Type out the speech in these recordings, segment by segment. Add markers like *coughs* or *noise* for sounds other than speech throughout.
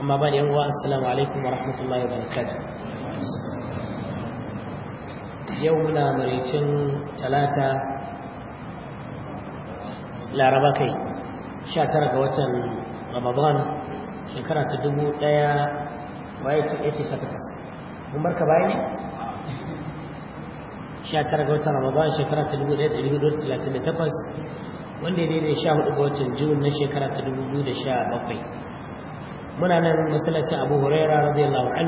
amma ba da uwa assalamu alaikum wa rahmatullahi wa barakatuh yau muna maricin talata laraba kai 19 ga watan ramadan shekara ta dubu daya waye ce ya ce shakatas mun barka baya ne 19 ga watan ramadan shekara ta dubu daya da dubu talatin da takwas wanda ya daidai sha hudu ga watan Jun na shekara ta dubu biyu da sha bakwai muna nan masallacin abu huraira radiyallahu an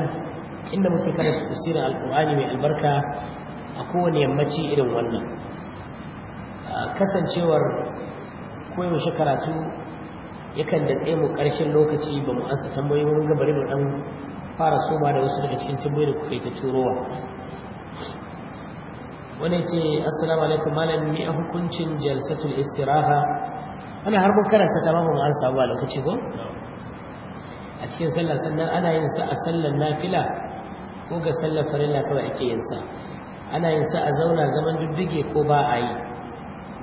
inda muke karanta tafsirin alkur'ani mai albarka a kowane yammaci irin wannan kasancewar koyaushe karatu yakan da tsaye mu karshen lokaci ba mu ansa tambayoyi mun ga bari mu dan fara soma da wasu daga cikin tambayoyi da kuka yi ta turowa wani ce assalamu alaikum malam ni hukuncin jalsatul istiraha wani har mun karanta ta ba mu ansa ba lokaci ko a cikin sallah sannan ana yin sa a sallar nafila ko ga sallar farilla kawai ake yin sa ana yin sa a zauna zaman duddige ko ba a yi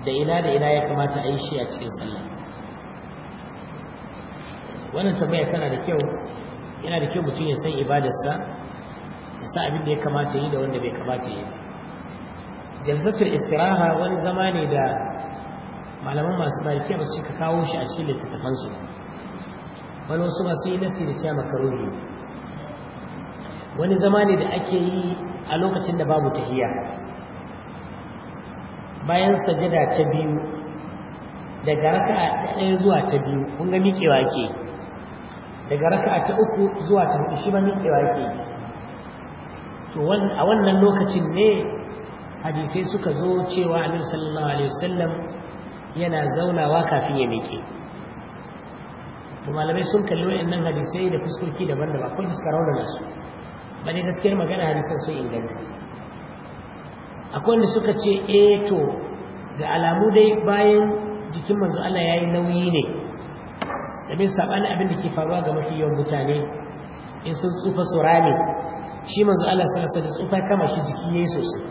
da ina da ina ya kamata a yi shi a cikin sallah wannan tambaya tana da kyau yana da kyau mutum ya san ibadarsa ya sa abin da ya kamata yi da wanda bai kamata yi jalsatul istiraha wani zama ne da malaman masu malikiya ba su cika kawo shi a cikin littattafansu wani wasu masu yi nasi da cewa makaroni wani zama ne da ake yi a lokacin da babu tahiya bayan sajada ta biyu daga raka a ɗaya zuwa ta biyu kun ga miƙewa ke daga raka a ta uku zuwa ta hudu shi ma miƙewa ke to a wannan lokacin ne hadisai suka zo cewa annabi sallallahu alaihi wasallam yana zaunawa kafin ya miƙe to malamai sun kalli wayannan hadisai da fuskoki daban-daban akwai fuskar raunana su ba ne gaskiyar magana hadisan sun inganta akwai wanda suka ce e to ga alamu dai bayan jikin manzo Allah yayi nauyi ne domin sabanin abin da ke faruwa ga mafi yawan mutane in sun tsufa su shi manzo Allah sallallahu alaihi tsufa kama shi jiki yayi sosai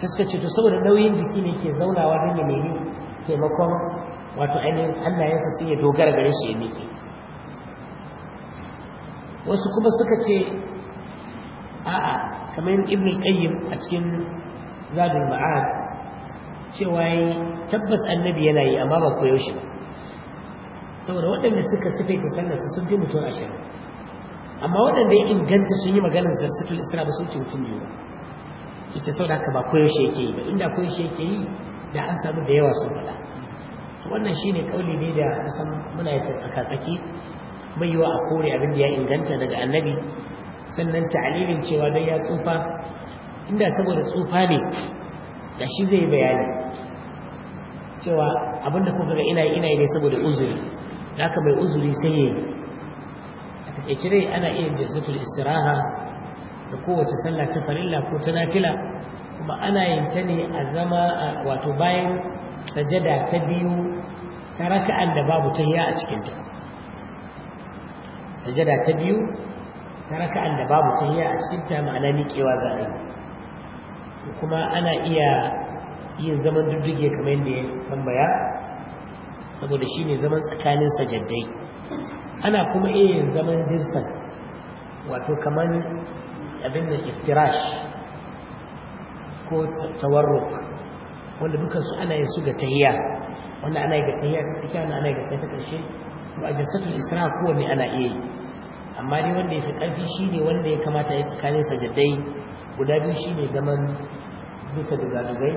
sai suka ce to saboda nauyin jiki ne ke zaunawa don ya nemi taimakon wato ainihin hannayensa sun ya dogara gare shi ya miƙe wasu kuma suka ce a'a kamar ibn qayyim a cikin zadul ma'ad cewa yi tabbas annabi yana yi amma ba koyo shi ba saboda waɗanda suka sufe ta su sun fi mutum ashirin amma waɗanda ya inganta sun yi maganar zarsatul isra ba sun ce mutum biyu ba ita sau da haka ba koyo shi yake yi ba inda koyo shi yake yi da an samu da yawa sun faɗa wannan shine kauli ne da kusan muna yi tsaki bai yiwa a kore abin da ya inganta daga annabi sannan ta'alilin cewa dan ya tsufa inda saboda tsufa ne da shi zai bayani cewa abinda kuka ga ina ina ne saboda uzuri haka mai uzuri sai yayi a takaice rai, ana iya jasatul istiraha da kowace sallah ta farilla ko ta nafila kuma ana yin ta ne a zama wato bayan sajada ta biyu ta raka'an da babu ta yi a cikinta sajada ta biyu ta raka'an da babu ta yi a cikinta ma'ana miƙewa za a yi kuma ana iya yin zaman dudduge kamar yadda ya tambaya saboda shi ne zaman tsakanin sajaddai ana kuma iya yin zaman dirsan wato kamar abin da iftirash ko tawarruk wanda dukansu ana yin su ga tahiyya wanda ana yi ga tahiyya ta tsakiya wanda ana yi ga tahiyya ta ƙarshe ba a jinsatul isra kowanne ana iya yi amma dai wanda ya fi ƙarfi shi ne wanda ya kamata ya tsakanin sajadai guda biyu shi ne zaman bisa gadugai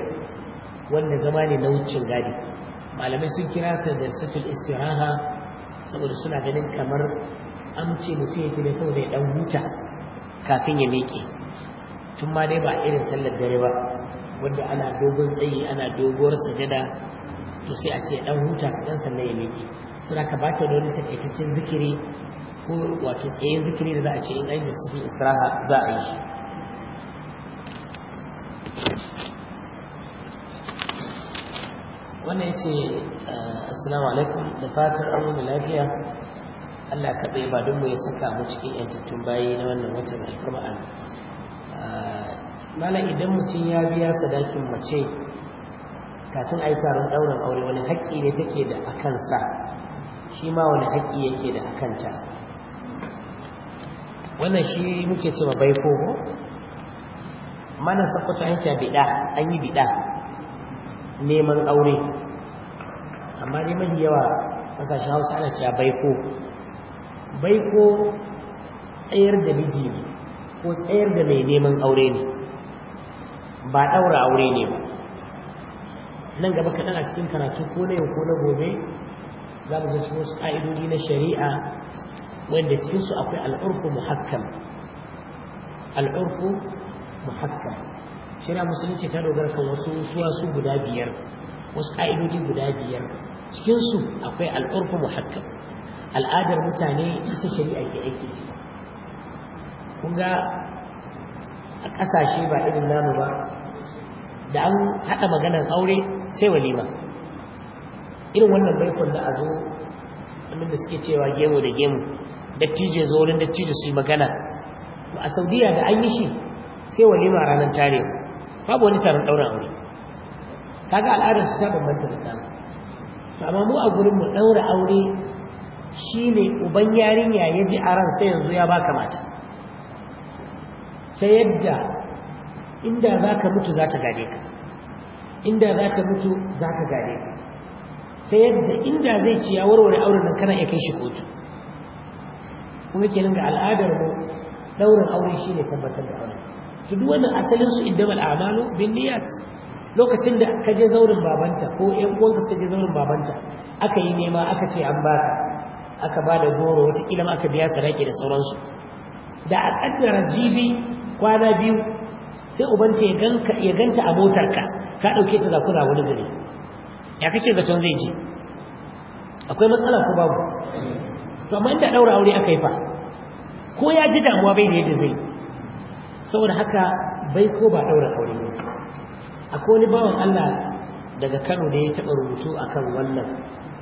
wanda zama ne na wucin gadi malamai sun kira ta jinsatul istiraha saboda suna ganin kamar amce mutum yake ne saboda ya ɗan huta kafin ya miƙe tun ma dai ba irin sallar dare ba wanda ana dogon tsayi ana doguwar sajada to sai a ce dan huta kaɗan sannan ya miƙe suna ka ba ta da wani takaitaccen zikiri ko wato tsayin zikiri da za a ce in an su israha za a yi shi wannan ya ce ah, assalamu alaikum da fatar an lafiya Allah kaɗai ba don mu ya saka mu cikin yantattun bayi na wannan watan alfarma mana idan mutum ya biya sadakin mace kafin a yi taron ɗaurin aure wani haƙƙi ne take da a kansa shi ma wani haƙƙi yake da a kanta wannan shi muke cewa bai kogo mana sakwata an ce biɗa an yi biɗa neman aure amma ne mafi yawa ƙasashen hausa ana cewa baiko baiko tsayar da miji ne ko tsayar da mai neman aure ne ba ɗaura aure ne ba nan gaba kaɗan a cikin karatu ko na yau ko na gobe za mu ga cikin wasu ƙa'idodi na shari'a wanda cikinsu akwai al'urfu muhakkam al'urfu muhakkam shari'a musulunci ta dogara kan wasu su guda biyar wasu ƙa'idodi guda biyar cikinsu akwai al'urfu muhakkam al'adar mutane ita shari'a ke aiki kun ga a ƙasashe ba irin namu ba da an haɗa maganar aure sai walima irin wannan baikon da a zo da suke cewa gemu da gemu dattijo zo wurin dattijo su yi magana a saudiya da an yi shi sai walima ranar tare babu wani taron ɗaurin aure kaga al'adar su ta bambanta da ɗan amma mu a gurinmu ɗaura aure shine uban yarinya ya ji a ran sai yanzu ya baka mata ta yadda inda za ka mutu za ta gade ka inda za ka mutu za ka gade ka sai yadda inda zai ci ya warware auren nan kana iya kai shi kotu kuma kenan ga al'adar mu daurin aure shi ne tabbatar da aure to duk wannan asalin su mal a'malu bin niyyat lokacin da ka je zaurin babanta ko ƴan uwanka suka je zaurin babanta aka yi nema aka ce an baka aka ba da goro wata kila ma aka biya sadaki da sauransu da a kaddara jibi kwana biyu sai ubanci ya ganta a motarka ka dauke ta za wani gari ya kake zaton zai ji akwai matsala ko babu to amma inda daura aure aka yi fa ko ya ji damuwa bai da yadda zai saboda haka bai ko ba daura aure ne akwai wani bawan Allah daga Kano da ya taba rubutu akan wannan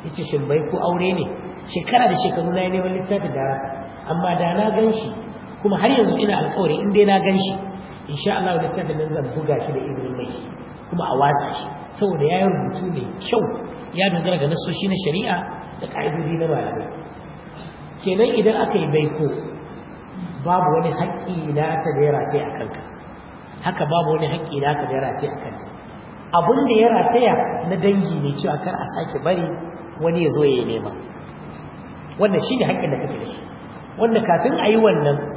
yace shin bai ko aure ne shekara da shekaru na ne wani littafi da darasa. amma da na ganshi kuma har yanzu ina alƙawari in dai na ganshi insha Allah da can da nan zan buga shi da izinin mai kuma a watsa shi saboda ya yi rubutu mai kyau ya dogara ga nasoshi na shari'a da ka'idodi na malamai kenan idan aka yi baiko babu wani haƙƙi na ta da ya rataya a kanka haka babu wani haƙƙi na ka da ya rataya a kanta abin da ya rataya na dangi ne cewa kar a sake bari wani ya zo ya yi nema wannan shi ne haƙƙin da kake da shi wanda kafin a yi wannan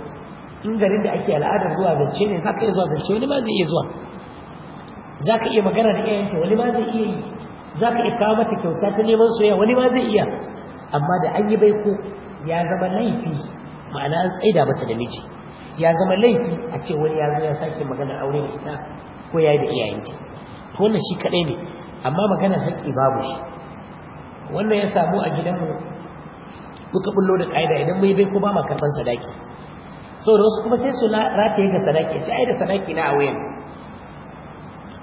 in garin da ake al'adar zuwa zance ne za ka iya zuwa zance wani ma zai iya zuwa za ka iya magana da iyayenta wani ma zai iya yi za ka iya kawo mata kyauta ta neman soya wani ma zai iya amma da an yi baiko ya zama laifi ma'ana an tsaida mata da miji ya zama laifi a ce wani ya zo ya sake magana aure da ita ko ya yi da iyayenta to wannan shi kaɗai ne amma maganar haƙƙi babu shi wannan ya samu a gidanmu muka bullo da ƙa'ida idan mai bai baiko ba ma karɓar sadaki saboda wasu kuma sai su rataye ga sadaki ci ai da sadaki na a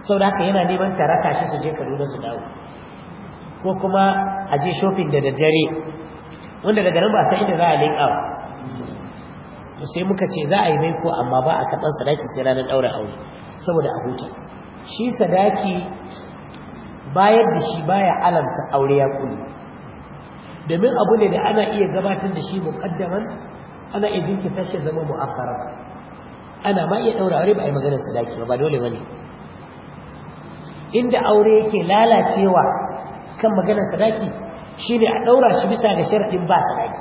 Sau da haka yana neman ta shi su je kaduna su dawo ko kuma a je shopping da daddare wanda daga nan ba san inda za a leƙa ba to sai muka ce za a yi maiko amma ba a kaɗan sadaki sai ranar ɗaura aure saboda a huta shi sadaki bayar da shi baya alamta aure ya ƙuli domin abu ne da ana iya gabatar da shi muƙaddaman ana iya jinkirta tashin zama mu'akhara ana ma iya daura aure ba a yi maganar sadaki ba dole bane inda aure yake lalacewa kan maganar sadaki shine a daura shi bisa ga sharadin ba sadaki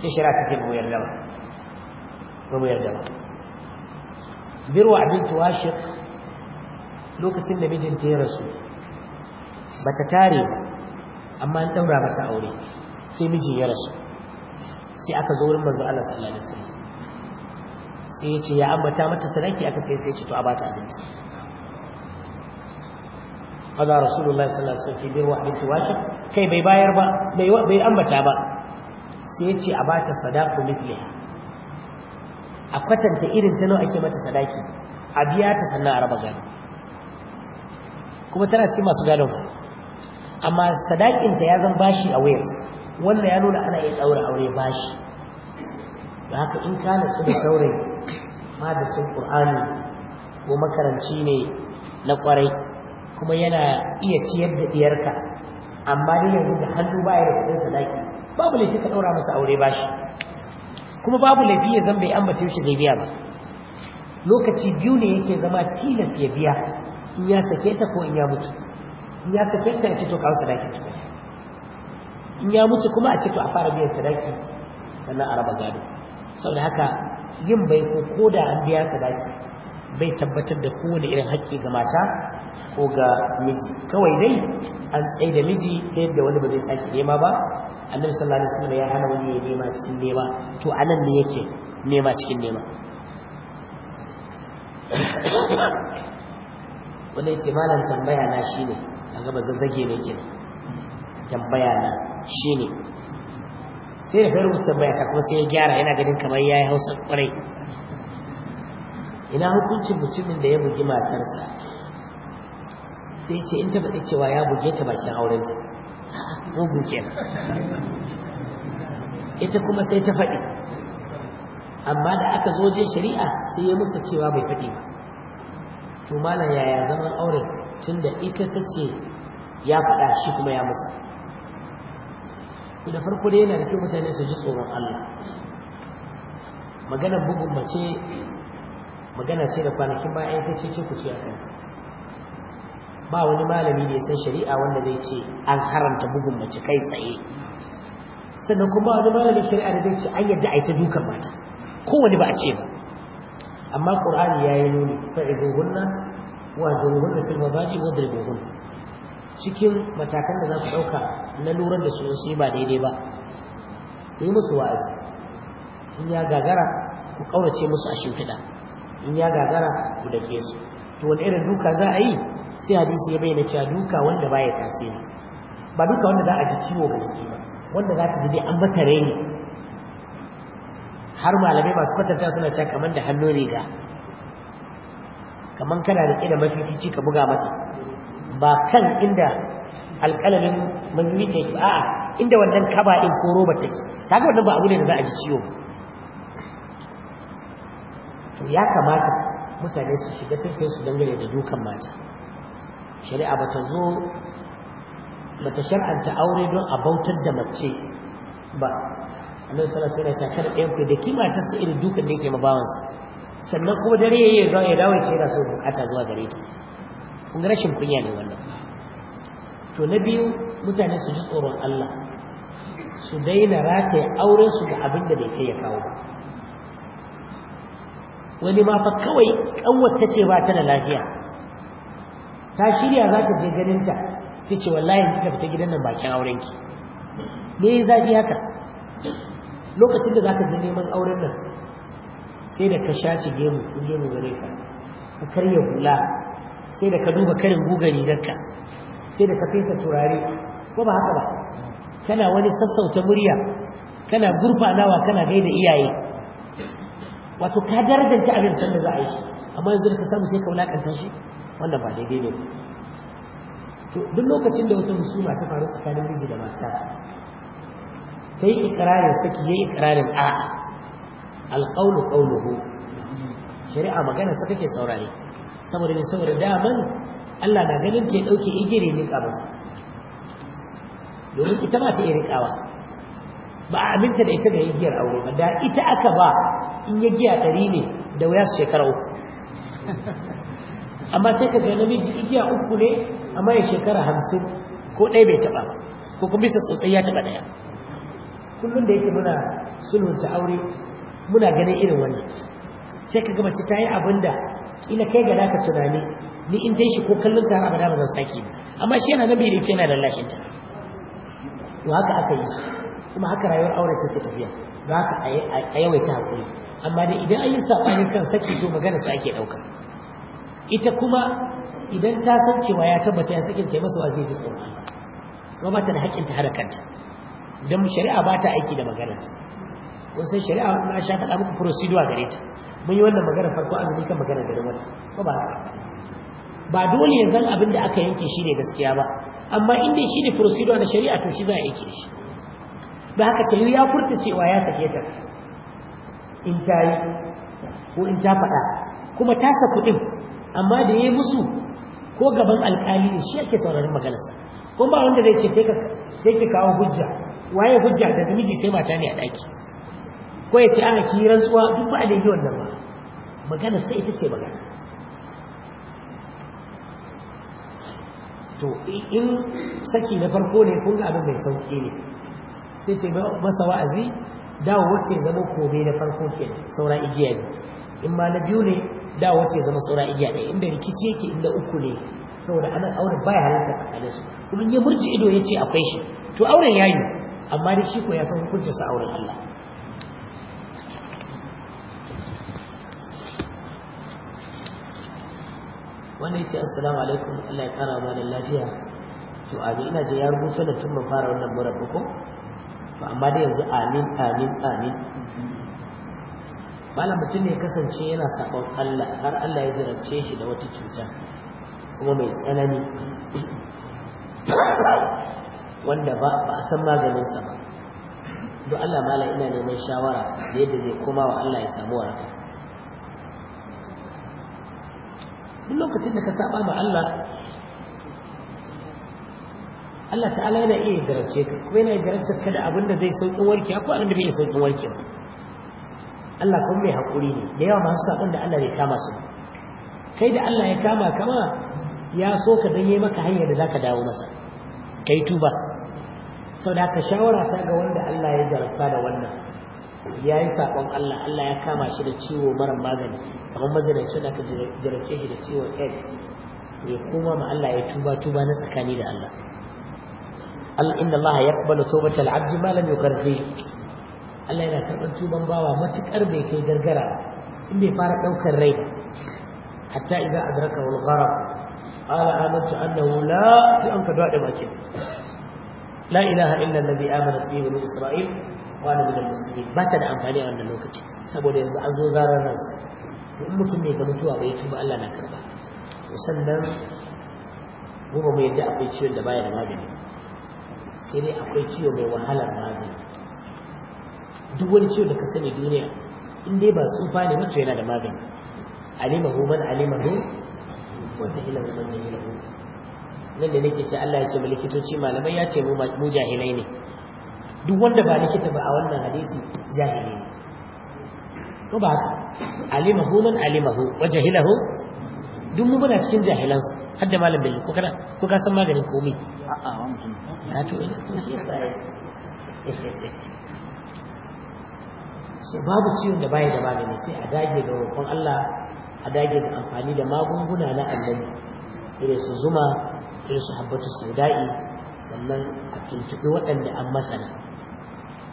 sai shari'a ta ce mu yarda ba mu yarda ba birwa abin washiq lokacin da mijinta ya rasu bata tare amma an daura mata aure sai mijin ya rasu sai aka zo wurin manzo Allah sallallahu alaihi wasallam sai ya ce ya ambata mata sadaki aka ce sai ya ce to a bata abinci kada rasulullahi sallallahu alaihi wasallam fi bir wahid tawakib kai bai bayar ba bai bai ambata ba sai ya ce a bata sadaku mithliha a kwatanta irin ta nawa ake mata sadaki a biya ta sannan a raba gado kuma tana ce masu gado ba amma sadakinta ya zan bashi a wayarsa wannan ya nuna ana iya ɗaura aure bashi da haka in ka nasu da saurayi madacin ƙur'ani ko makaranci ne na ƙwarai kuma yana iya ciyar da ɗiyarka amma dai yanzu da hannu ba ya da kuɗin sadaki babu laifi ka ɗaura masa aure bashi kuma babu laifi ya zan bai ambace shi zai biya ba lokaci biyu ne yake zama tilas ya biya in ya sake ta ko in ya mutu in ya sake ta ya ce to kawo sadaki tukuna in ya mutu kuma a ce a fara biyan sadaki sannan a raba gado saboda haka yin bai ko da an biya sadaki bai tabbatar da kowane irin haƙƙi ga mata ko ga miji kawai dai an tsaye da miji ta yadda wani ba zai sake nema ba annabi sallallahu alaihi wasallam ya hana wani ya nema cikin nema to anan ne yake nema cikin nema *coughs* wanda ce malam tambaya na shine a gaba zazzage ne kenan tambaya na Shi ne, sai da fayar rubuta tambaya ta kuma sai ya gyara yana ganin kamar ya yi hausa kwarai ina hukuncin mutumin da ya bugi matarsa sai ce in taɓa cewa ya buge ta bakin aurenta *laughs* mugu buge. ita kuma sai ta faɗi amma da aka zo je shari'a sai ya musa cewa bai faɗi ba to malam yaya zaman auren tunda ita ta ce ya faɗa shi kuma ya musa to da farko dai yana da kyau mutane su ji tsoron Allah maganar bugun mace magana ce da kwanakin bayan ta ce ku ce kanta ba wani malami da ya san shari'a wanda zai ce an haramta bugun mace kai tsaye sannan kuma wani malamin shari'a da zai ce an yadda a yi ta dukan mata kowane ba a ce ba amma ƙur'ani ya yi nuni fa'izuhunna wa zuhunna fil mazaji wa cikin matakan da za su ɗauka na lura da su su yi ba daidai ba yi musu wa'azi in ya gagara ku ƙaurace musu a shimfiɗa in ya gagara ku dake su to wani irin duka za a yi sai hadisi ya bayyana cewa duka wanda baya tasiri ba duka wanda za a ji ciwo ga jiki ba wanda za ta ji dai an bata reni har malamai masu kwatanta suna cewa kamar da hannun riga kamar kana da riƙe da mafifici ka buga mata ba kan inda alƙalamin manjuyi ta yi a inda wannan kaba ko robar take ta ga wannan ba abu ne da za a ji ciwo to ya kamata mutane su shiga tattalin su dangane da dukan mata shari'a ba ta zo ba ta shar'anta aure don a bautar da mace ba annabi sallallahu sai wasallam ya kada ɗayan ku da kima ta sa irin dukan da yake mabawansa sannan kuma dare yayi ya zo ya dawo ya ce yana so bukata zuwa gare ta kun ga rashin kunya ne wannan to na biyu mutane su ji tsoron Allah su daina rataye auren su ga abin da bai kai ya kawo ba wani ma fa kawai kanwata ce ba ta da lafiya ta shirya za ta je ganin ta sai ce wallahi kika fita gidan nan bakin auren ki me yi zafi haka lokacin da zaka je neman auren nan sai da ka shaci gemu in gemu gare ka ka karya hula sai da ka duba karin guga rigarka sai da ka fesa turare ko ba haka ba kana wani sassauta murya kana gurfanawa kana gaida iyaye wato ka darajanta abin sanda za a yi shi amma yanzu da ka samu sai ka wulakanta shi wannan ba daidai ne to duk lokacin da wata husuma ta faru tsakanin miji da mata ta yi ikirarin saki ya yi ikirarin a'a alƙaunu ƙaunuhu shari'a magana sa kake saurare saboda mai saboda daman Allah na ganin ta ya ɗauke igiri miƙa masa domin ita ba ta iya riƙawa ba a aminta da ita ga igiyar aure ba da ita aka ba in ya giya ɗari ne da wuya su shekara uku amma sai ka ga namiji igiya uku ne amma ya shekara hamsin ko ɗaya bai taɓa ko kuma bisa sosai ya taɓa ɗaya kullum da yake muna sulhunta aure muna ganin irin wannan sai ka ga ta yi abin da Ina kai ga naka tunani ni in tashi ko kallon ta abada ba zan saki ba amma shi yana nabi da yake yana lallashin ta to haka aka yi kuma haka rayuwar aure take tafiya ba haka a yawaita hakuri amma dai idan an yi kan saki to magana sa ake ɗauka ita kuma idan ta san cewa ya tabbata ya sakin ta masa wazi ji tsoro kuma ba ta da haƙƙin ta hada kanta dan shari'a ba ta aiki da magana ta. wasu shari'a na sha faɗa muku procedure gare ta mun yi wannan magana farko azumi kan magana garin wata ko ba ba dole ya zan abin da aka yanke shi ne gaskiya ba amma inda shi ne procedure na shari'a to shi za a yanke shi da haka ta ya furta cewa ya sake ta in ta yi ko in ta faɗa kuma ta sa kuɗin amma da ya yi musu ko gaban alƙali shi ake saurarin maganarsa kuma ba wanda zai ce take kawo hujja waye hujja da miji sai mata ne a ɗaki ko ya ce ana ki rantsuwa duk ba a daidai wannan ba magana sai ita ce magana to in saki na farko ne kun ga abin mai sauki ne sai ce masa wa'azi dawo wacce zama kome na farko ke saura igiya ne in ma na biyu ne dawo wacce zama saura igiya ne inda rikici yake inda uku ne saboda anan auren baya halatta tsakanin su kuma ya murji ido ya ce akwai shi to auren yayi amma da shi ko ya san hukuncinsa auren Allah ya ce assalamu alaikum Allah ya kara da lafiya to amin ina je ya rubuta da tun mun fara wannan murar ko to amma da yanzu amin amin amin malam mutum ne kasance yana sakon Allah har Allah ya jarabce shi da wata cuta kuma mai tsanani wanda ba a san maganinsa ba duk Allah mala ina neman shawara da yadda zai koma wa Allah ya samu waraka duk lokacin da ka saba ma Allah Allah ta'ala yana iya jarabce ka kuma yana jarabce ka da abin da zai sauƙin warke ko abin da bai sauƙin warke Allah kuma mai haƙuri ne da yawa masu saɓon da Allah ya kama su kai da Allah ya kama kama ya so ka dan yi maka hanyar da za ka dawo masa kai tuba sau da haka shawara ta ga wanda Allah ya jarabta da wannan ya yi saƙon Allah Allah ya kama shi da ciwo mara magani kamar mazinaci da ka jarabce shi da ciwon X, ya koma ma Allah ya tuba tuba na tsakani da Allah Allah inna Allah yaqbalu tawbatal abdi ma lam yukarhi Allah yana karɓar tuban bawa matuƙar bai kai gargara in bai fara ɗaukar rai hatta idan adraka wal gharab qala amantu annahu la fi an ka dade bakin la ilaha illa alladhi amanat bihi banu isra'il wani gidan musulmi ba ta da amfani a wannan lokaci saboda yanzu an zo zarar ransa in mutum ne ga mutuwa bai tuba Allah na karba sannan mu mai yadda akwai ciwon da baya da magani sai dai akwai ciwo mai wahalar magani duk wani ciwo da ka sani duniya in dai ba tsufa ne mutum yana da magani hu man alimahu wata ilahu man jahilahu nan da nake ce Allah ya ce mu likitoci malamai ya ce mu jahilai ne duk wanda ba likita ba a wannan hadisi jahili ne ko ba alimahu man alimahu wa jahilahu duk mu muna cikin jahilan su har da malam bello ko kana ko ka san maganin komai a a wa mutum na to ina eh, ko shi sai babu ciwon da baya da magani sai a dage ga roƙon Allah a dage ga amfani da magunguna na annabi irin su zuma irin su habbatu sauda'i sannan a tuntuɓi waɗanda an masana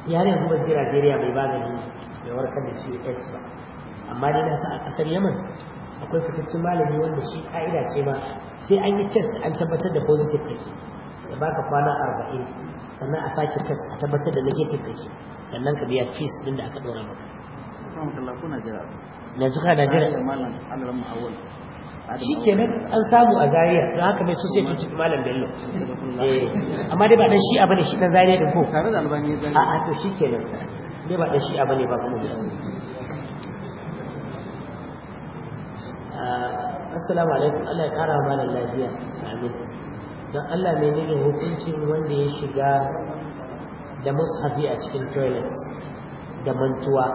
ya kuma ce najeriya bai ba gani mai warkar da shi x ba amma dai na sa a kasar yaman akwai fitaccen malami wanda shi ka'ida ce ba sai an yi test an tabbatar da positive kake ya baka kwana arba'in sannan a sake test a tabbatar da negative kake sannan ka biya fees din da aka ɗora maka yanzu ka najeriya malam shi ke nan an samu a zariya don haka mai sosai tun cikin malam bello eh, amma dai ba dan shi abu ne shi dan zariya din ko tare da albani ya a a to shi ke nan dai ba dan shi abu ne ba kuma ah, assalamu alaikum Allah ya kara mana lafiya amin don Allah mai nake hukuncin wanda ya shiga da mushafi a cikin toilet da mantuwa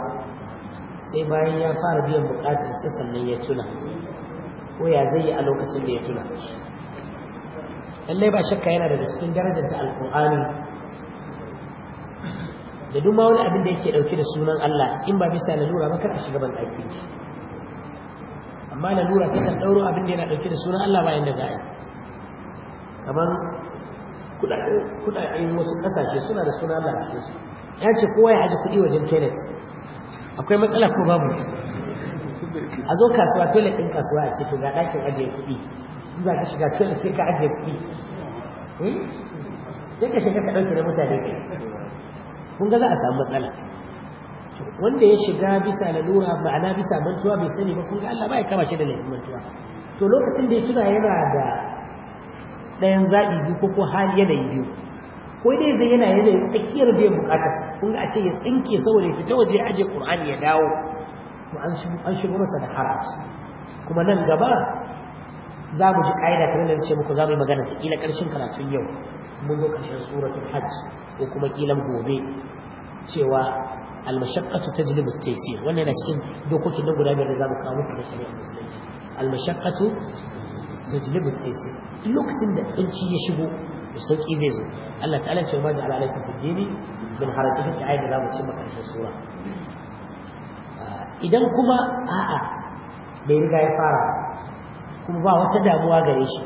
sai bayan ya fara biyan bukatar sai sannan ya tuna ko ya zai yi a lokacin da ya tuna lallai ba shakka yana daga cikin ta alkur'ani da duma wani abin da yake ɗauki da sunan Allah in ba bisa lalura ba kar a shiga ban aiki amma lalura ta kan ɗauro abin da yana ɗauki da sunan Allah bayan da za a kamar kudaden wasu ƙasashe suna da sunan Allah a cikinsu ya ce kowa ya aji kudi wajen Kenneth. akwai matsala ko babu a zo kasuwa tole ɗin kasuwa a ce to ga ɗakin ajiye kuɗi in ka shiga tole sai ka ajiye kuɗi hmm? sai ka shiga ka ɗauke da mutane kai kun ga za a samu matsala wanda ya shiga bisa lalura ma'ana bisa mantuwa bai sani ba kun ga Allah ba ya kama shi da laifin mantuwa to lokacin da ya tuna yana da ɗayan zaɓi biyu ko ko hali yanayi biyu ko dai zai yana yanayi tsakiyar biyan bukatarsa kun ga a ce ya tsinke saboda ya fita waje aje ƙur'ani ya dawo to an shigo masa da haraji kuma nan gaba za mu ji ƙa'ida kamar da ce muku za mu yi magana ta ƙila ƙarshen karatun yau mun zo ƙarshen suratul hajj ko kuma ƙila gobe cewa almashaqqatu tajlibu at-taysir wannan yana cikin dokokin nan guda biyar da za mu kawo muku da shari'a musulunci almashaqqatu tajlibu at-taysir lokacin da ɗanci ya shigo da sauƙi zai zo Allah ta'ala ce ma ja'ala alaikum fid-dini min harajin ta ayyada za mu cimma ƙarshen sura idan kuma a'a bai riga ya fara kuma ba wata damuwa gare shi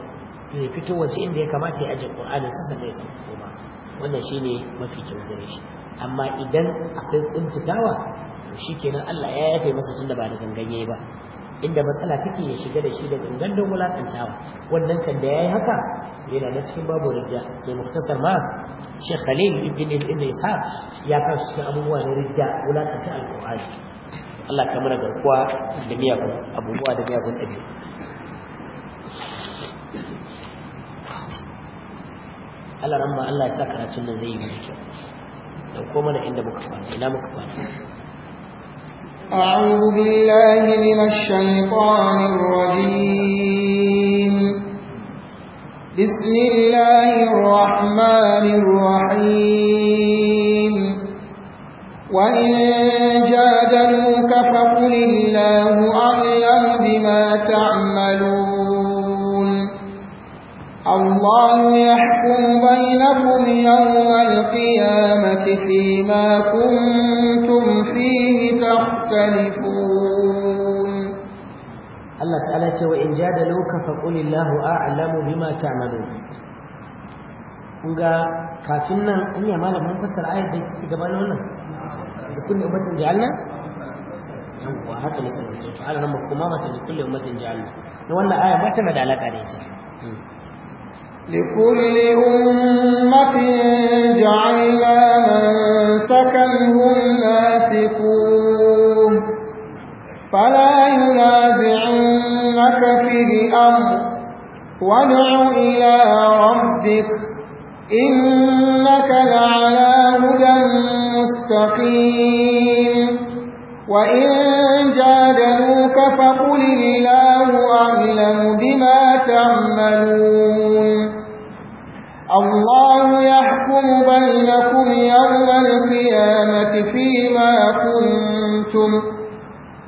ya fito wace inda ya kamata ya aje ƙur'anin sa sannan ya samu wannan shine mafi kyau gare shi amma idan akwai kuntatawa to shikenan Allah ya yafe masa tunda ba da ganganye ba inda matsala take ya shiga da shi da gangan don wulakantawa wannan kan da yi haka yana na cikin babu rijja mai muktasar ma Sheikh Khalil ibn ibn Ishaq ya kawo cikin abubuwa na rijja wulakanta alqur'ani Allah ka mana garkuwa da miyagun abubuwa da miyagun ɗabi'u Allah ramma Allah ya sa karatun nan zai yi mai kyau da ko mana inda muka kwana ina muka kwana أعوذ بالله من الشيطان الرجيم بسم الله الرحمن الرحيم وإن جادلوك فقل الله أعلم بما تعملون الله يحكم بينكم يوم القيامة فيما كنتم فيه تختلفون الله تعالى وإن جادلوك فقل الله أعلم بما تعملون kunga kafin nan in yi malamin fassara ayar da ke gabanin wannan لكل أمة جعلنا yawwa haka ne kuma to ana أمة kuma mata ne kullu ummatin ja'alna to لكل أمة جعلنا من سكنهم ناسكون فلا ينازعنك في الأمر وادع إلى ربك إنك لعلى هدى مستقيم مستقيم وإن جادلوك فقل الله أعلم بما تعملون الله يحكم بينكم يوم القيامة فيما كنتم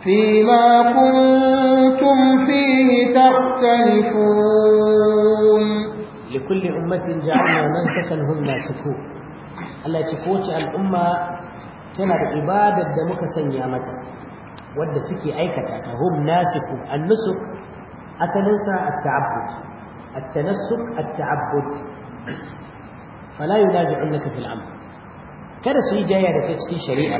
فيما كنتم فيه تختلفون لكل أمة جعلنا منسكا هم ناسكون الله ce الأمة tana da ibadar da muka sanya mata wadda suke aikata ta hum nasiku an-nusuk asalinsa at-ta'abbud at-tanassuk at-ta'abbud fala yunazi'unka fil amr kada su yi jayya da kai cikin shari'a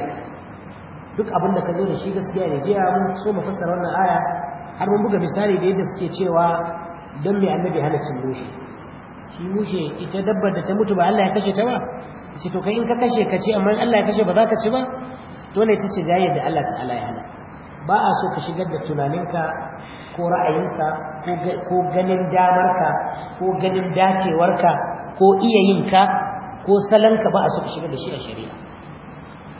duk abin da ka zo da shi gaskiya ne jiya mun so mu fassara wannan aya har mun buga misali da yadda suke cewa don me annabi hana cin mushi shi mushe ita dabbar da ta mutu ba Allah ya kashe ta ba ce to kai in ka kashe ka ce amma in Allah ya kashe ba za ka ci ba dole ta ce jayyar da Allah ta'ala ya hana ba a so ka shigar da tunaninka ko ra'ayinka ko ganin damarka ko ganin dacewarka ko iya yinka ko salanka ba a so ka shigar da shi a shari'a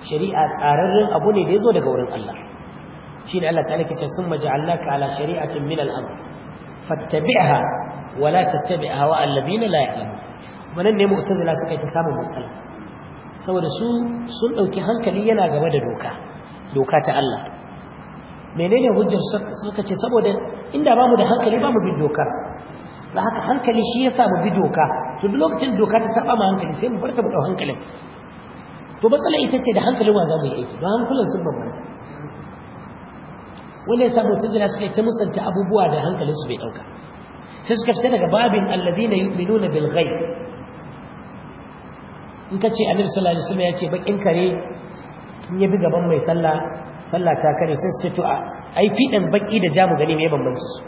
shari'a tsararren abu ne da ya zo daga wurin Allah shi ne Allah ta'ala ke ce sun maja'allaka ala shari'atin min al'amr fattabi'ha wala tattabi'ha wa alladhina la ya'lamun manan ne mu'tazila suka yi ta samun matsala saboda su sun ɗauki hankali yana game da doka doka ta Allah menene hujjar suka ce saboda inda bamu da hankali bamu bin doka da haka hankali shi yasa mu bi doka to duk lokacin doka ta saba mu hankali sai mu barka mu dau hankalin to matsala ita ce da hankalin wa za mu yi aiki don hankalin sun bambanta wanda yasa mu'tazila suka ta musanta abubuwa da hankalin su bai dauka sai suka fita daga babin alladhina yu'minuna bil ghaib in ka ce annabi sallallahu alaihi wasallam ya ce bakin kare in ya bi gaban mai sallah sallah ta kare sai ce to ai dan baki da jamu gani me bambanci su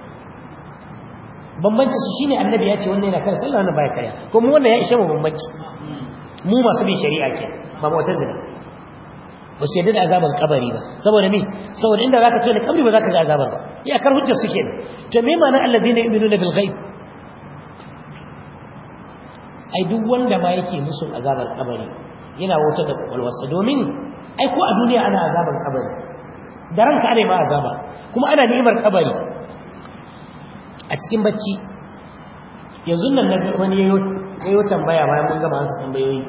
bambanci su shine annabi ya ce wannan yana kare, sallah wannan baya kare kuma wannan ya ishe mu bambanci mu masu bin shari'a ke ba mu'tazila ba su yadda da azaban kabari ba saboda me saboda inda zaka tona kabari ba zaka ga azabar ba iyakar hujjar suke kenan to me ma'anar allazina yu'minuna bil ghaib ai duk wanda ma yake musu azabar kabari yana wuce da kwakwalwarsa domin ai ko a duniya ana azabar kabari da ranka ne ma azaba kuma ana ni'imar kabari a cikin bacci yanzu nan na wani yayo tambaya bayan mun gama wasu tambayoyi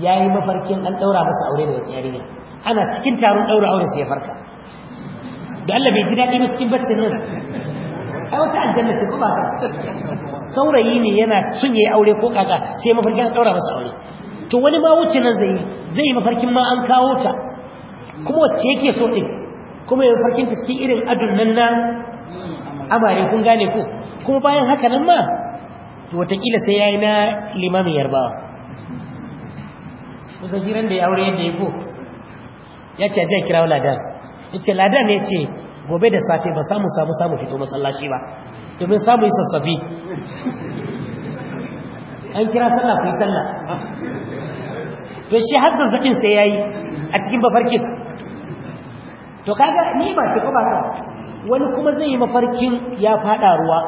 ya yi mafarkin an ɗaura masa aure daga yarinya ana cikin taron ɗaura aure sai ya farka da Allah bai ji daɗi ba cikin baccin nan ai wata aljanna ce ko ba ka saurayi ne yana sun yayi aure ko kaka sai mafarkin an daura masa aure to wani ma wuce nan zai zai mafarkin ma an kawo ta kuma wacce yake so din kuma ya mafarkin ta cikin irin adun nan na amare kun gane ko kuma bayan haka nan ma to watakila sai yayi na limamin yarbawa kusa jiran da ya aure yadda ya ko ya ce ajiyar kira ladan ya ce ladan ya ce gobe da safe ba samu samu samu fito masallaci ba domin samu yi sassafi an kira sallah ku yi sallah to shi har zazzaɓin sai ya yi a cikin mafarkin to kaga ni ba ce ko ba haka wani kuma zai yi mafarkin ya faɗa ruwa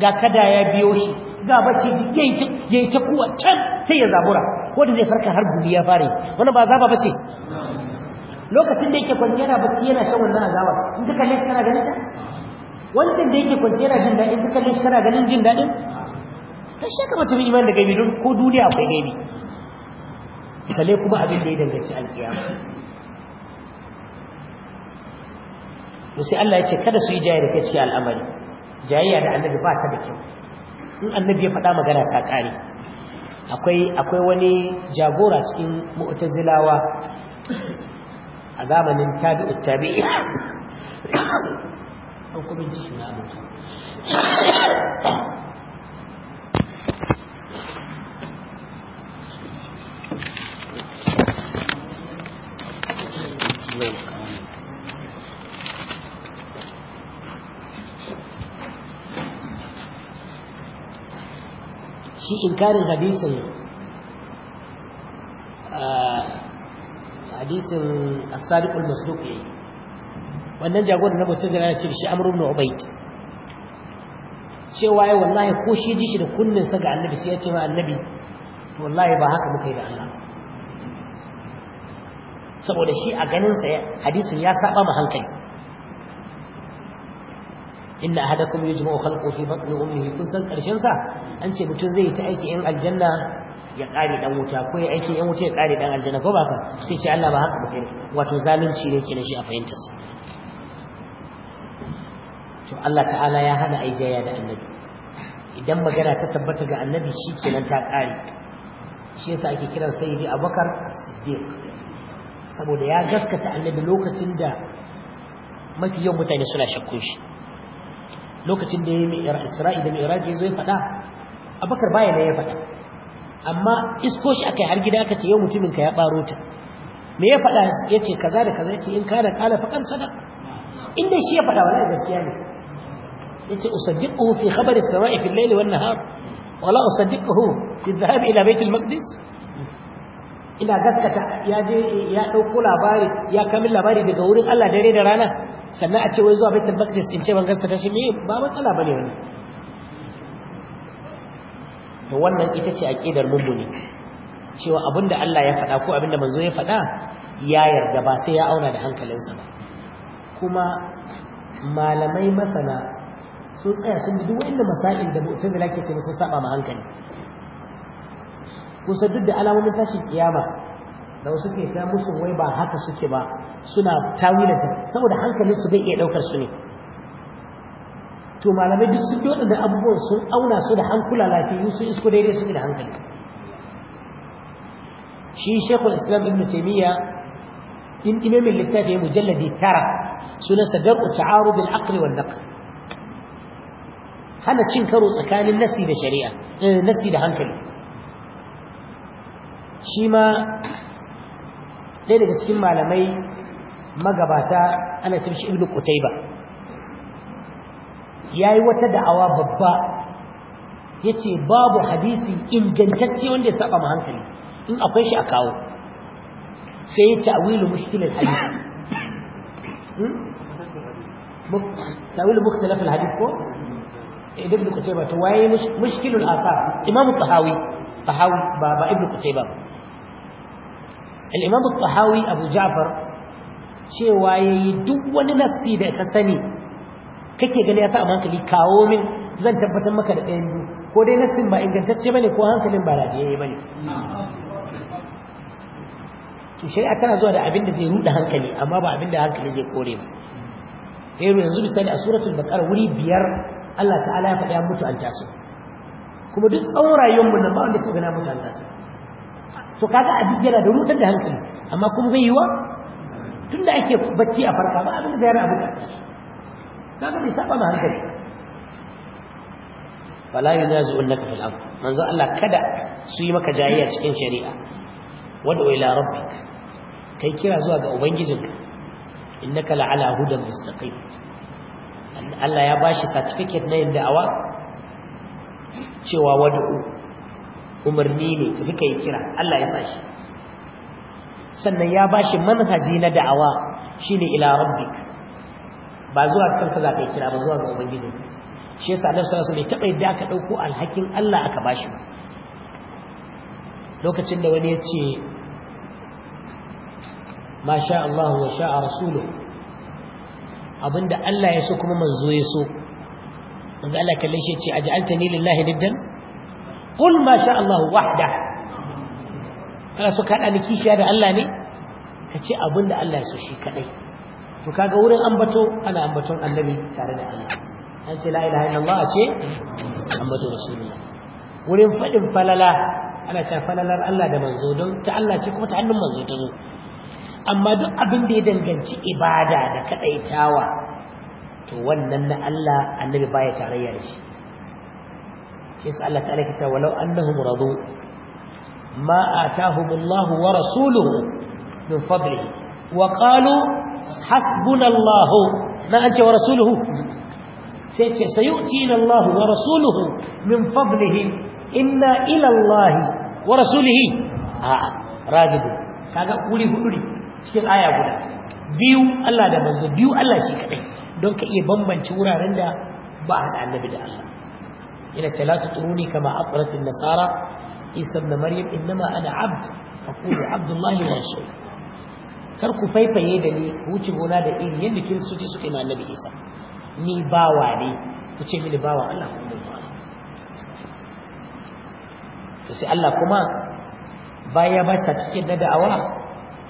ga kada ya biyo shi ga bacci ya yi ta kuwa can sai ya zabura wanda zai farka har gumi ya fara yi. wani ba zaba bace lokacin da yake kwanci yana bacci yana shan wannan azaba in ka kalle shi kana ganin ta wancan da yake kwanci yana jin daɗin ka kalle shi ganin jin daɗin Ta shi ka mutum iman da gaibi don ko duniya akwai gaibi kale kuma abin da ya danganci alkiyama to sai Allah ya ce kada su yi jayi da kai al'amari jayayya da annabi ba ta da kyau in annabi ya faɗa magana ta ƙare akwai akwai wani jagora cikin mu'tazilawa a zamanin tabi'ut tabi'i ɗauko min ci na ɗauki shi inkarin hadisin ah, hadisin asadikul masduq yayi wannan jagoran na da ya ce shi amr ibn ubayd cewa ya wallahi ko shi ji shi da kunnin sa ga annabi sai ya ce ma annabi wallahi ba haka muka yi da Allah saboda shi a ganin sa hadisi ya saba ma hankali inna ahadakum yujma'u khalqu fi batn ummihi kun san karshen sa an ce mutum zai ta aiki in aljanna ya kare dan wuta ko ya aiki in wuta ya kare dan aljanna ko ba ka sai ce Allah ba haka muke wato zalunci ne kenan shi a fahimtar sa to Allah ta'ala ya hana aijaya da annabi idan magana ta tabbata ga annabi shi kenan ta ƙare shi yasa ake kiran sayyidi abubakar as-siddiq saboda ya gaskata annabi lokacin da mafi yawan mutane suna shakkun shi lokacin da ya yi isra'i da mi'raji zai faɗa abubakar baya ne ya faɗa amma isko shi akai har gida aka ce yau mutumin ka ya ɓaro ta me ya faɗa ya ce kaza da kaza ya ce in kana kala faƙan sadaka in dai shi ya faɗa wala gaskiya ne yace usaddiquhu fi khabari as-sama'i fi al-layli wan nahar wala usaddiquhu fi adh-dhahab ila bayt al-maqdis ina gaskata ya je ya dauko labari ya kamin labari daga wurin Allah dare da rana sannan a ce wai zuwa baitul maqdis in ce ban gaskata shi me ba matsala bane wani to wannan ita ce aqidar mummuni cewa abinda Allah ya faɗa ko abinda manzo ya faɗa ya yarda ba sai ya auna da hankalinsa ba kuma malamai masana sun tsaya sun duk wanda masail da mu'tazila ke ce sun saba ma hankali kusa duk da alamomin tashin kiyama da wasu ke ta musu wai ba haka suke ba suna tawilata saboda hankalin su bai iya daukar su ne to malamai duk sun yi da abubuwan sun auna su da hankula lafiyayyu sun isko daidai su da hankali shi shekul islam ibn taimiyya in imamin littafi mujalladi tara sunansa dar'u ta'arud al-aqli wal naql hana cin karo tsakanin nasi da shari'a eh, da hankali shi ma ɗaya daga cikin malamai magabata ana cin shi ibnu qutayba yayi wata da'awa babba yace babu hadisi ingantacce wanda ya saba ma hankali in akwai shi a kawo sai ya ta'wilu mushkilul hadisi hmm? ta'wilu mukhtalaf al hadith ko ibn kutaiba to waye mushkilul athar imam tahawi tahawi ba ba ibn kutaiba ba al-imam tahawi abu ja'far cewa yayi duk wani nassi da ka sani kake gani ya sa a hankali kawo min zan tabbatar maka da ɗayan biyu ko dai nassin ba ingantacce bane ko hankalin ba lafiyayye bane to shari'a tana zuwa da abin da zai ruɗa hankali amma ba abin da hankali zai kore ba yaro yanzu misali a suratul baqara wuri biyar Allah ta'ala ya faɗi an mutu an taso kuma duk tsawon rayuwarmu mu nan ba wanda ke gana mutu an taso to kaga abin yana da rudar da hankali amma kuma yi wa tun da ake bacci a farka ba abin da zai yana abin da kaga bai saba ma hankali fala yunazu'unnaka fil amr manzo Allah kada su yi maka jayayya cikin shari'a wad'u ila rabbik kai kira zuwa ga ubangijinka innaka la'ala hudan mustaqim Allah ya bashi certificate na yin da'awa cewa wada'u umarni ne tafi kai kira Allah ya sa shi sannan ya bashi manhaji na da'awa ne ila rabbik ba zuwa kanka za ka yi kira ba zuwa ga ubangiji shi yasa Annabi sallallahu alaihi wasallam bai taɓa yadda aka dauko alhakin Allah aka bashi ba lokacin da wani ya ce ma sha Allah wa sha rasuluhu abinda Allah ya so kuma manzo ya so manzo Allah kalle shi ce aj'altani lillahi niddan qul ma sha Allah wahda kana so ka ni kishiya da Allah ne ka ce abinda Allah ya so shi kadai to kaga wurin ambato ana ambaton annabi tare da Allah an ce la ilaha illallah ce ambato rasulullah wurin fadin falala ana ce falalar Allah da manzo don ta Allah ce kuma ta hannun manzo ta zo amma duk abin da ya danganci ibada da kadaitawa to wannan na Allah annabi baya tarayya da shi yasa Allah ta'ala ke cewa walau annahum radu ma atahum Allah wa rasuluhu min fadlihi wa qalu hasbunallahu ma anta wa rasuluhu sai ce sayu'tina Allah wa rasuluhu min fadlihi inna ila Allah wa rasulihi a ragibun kaga kuri hudu ne cikin aya guda biyu Allah da manzo biyu Allah shi kadai don ka iya bambance wuraren da ba a da annabi da Allah ina talatu la kama kama asratin nasara isa ibn maryam innama ana abd aqulu abdullahi wa rasul kar ku faifaye da ni ku wuce gona da iri yadda kiristoci suka yi ma annabi isa ni bawa ne ku ce mini bawa Allah ku ne to sai Allah kuma baya ya ba sa cikin na da'awa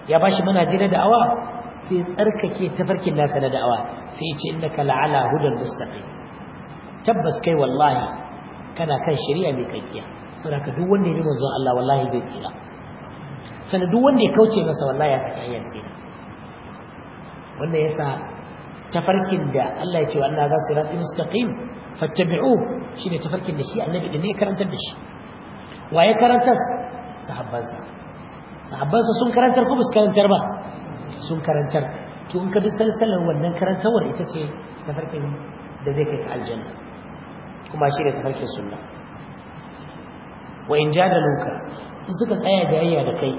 ya bashi manaji na da'awa sai tsarkake tafarkin nasa na da'awa sai ce innaka la'ala hudan mustaqim tabbas kai wallahi kana kan shari'a mai kakkiya saboda duk wanda ya bi manzon Allah wallahi zai tsira sannan duk wanda ya kauce masa wallahi ya saki hanyar tsira wannan yasa tafarkin da Allah ya ce wa Allah za su rati mustaqim fattabi'u shine tafarkin da shi annabi da ne karantar da shi waye karantar sahabbansa sahabbansa sun karantar ko su karantar ba sun karantar to in ka bi salsalar wannan karantarwar ita ce ta farkin da zai kai ka aljanna kuma shi ne ta farkin sunna wa in jadaluka in suka tsaya jayayya da kai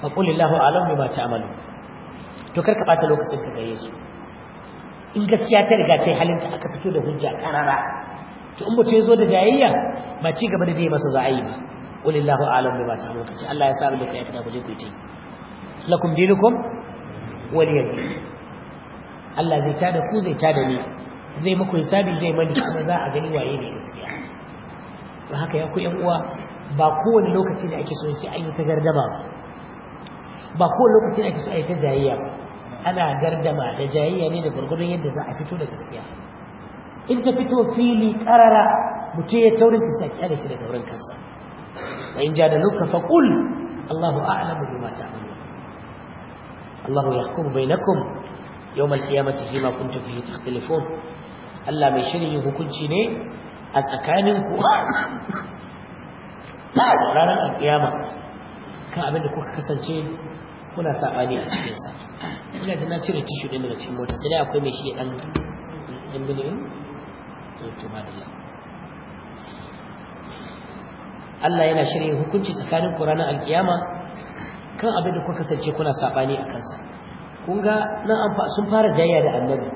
fa qul illahu a'lamu bima ta'malu to karka bata lokacin ka gare su in gaskiya ta riga ta halinta aka fito da hujja karara to in mutum ya zo da jayayya ba ci gaba da bai masa za'ayi ba qulillahu a'lam bima tasnun kace Allah ya sa abin da kai kada ku je ku yi lakum dinukum zai tada ku ni zai muku hisabi zai mani kuma za a gani waye ne gaskiya to haka ya ku yan uwa ba kowane lokaci ne ake so sai yi ta gardama ba ba kowane lokaci ake so a yi ta jayayya ana gardama da jayayya ne da gurgurun yadda za a fito da gaskiya in ta fito fili karara mutum ya taurin kisa kyale shi da taurin kansa وإن جادلوك فقل الله أعلم بما تعملون الله يحكم بينكم يوم القيامة فيما كنتم فيه تختلفون Allah mai shirin yin hukunci ne a tsakanin ku ranar alkiyama kan abin kuka kasance kuna saɓani a cikinsa ina ta na cire tishu ɗin daga cikin mota sai dai akwai mai shi ɗan ɗan da Allah yana shirye hukunci tsakanin ku ranar alkiyama kan abin da kuka kasance kuna sabani a kansa kun ga nan an sun fara jayya da annabi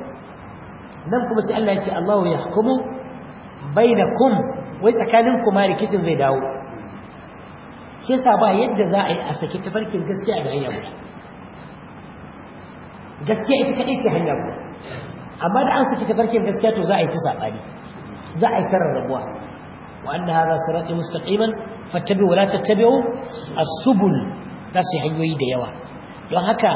nan kuma sai Allah ya ce Allahu yahkumu bainakum wai tsakanin ku ma rikicin zai dawo shi yasa ba yadda za a yi a saki tafarkin gaskiya ga hanya guda gaskiya ita kadai ce hanya guda amma da an saki tafarkin gaskiya to za a yi ta saɓani, za a yi ta rarrabuwa وأن هذا صراطي مستقيما فاتبعوا ولا تتبعوا السبل ناس يحيوي ديوا وهكا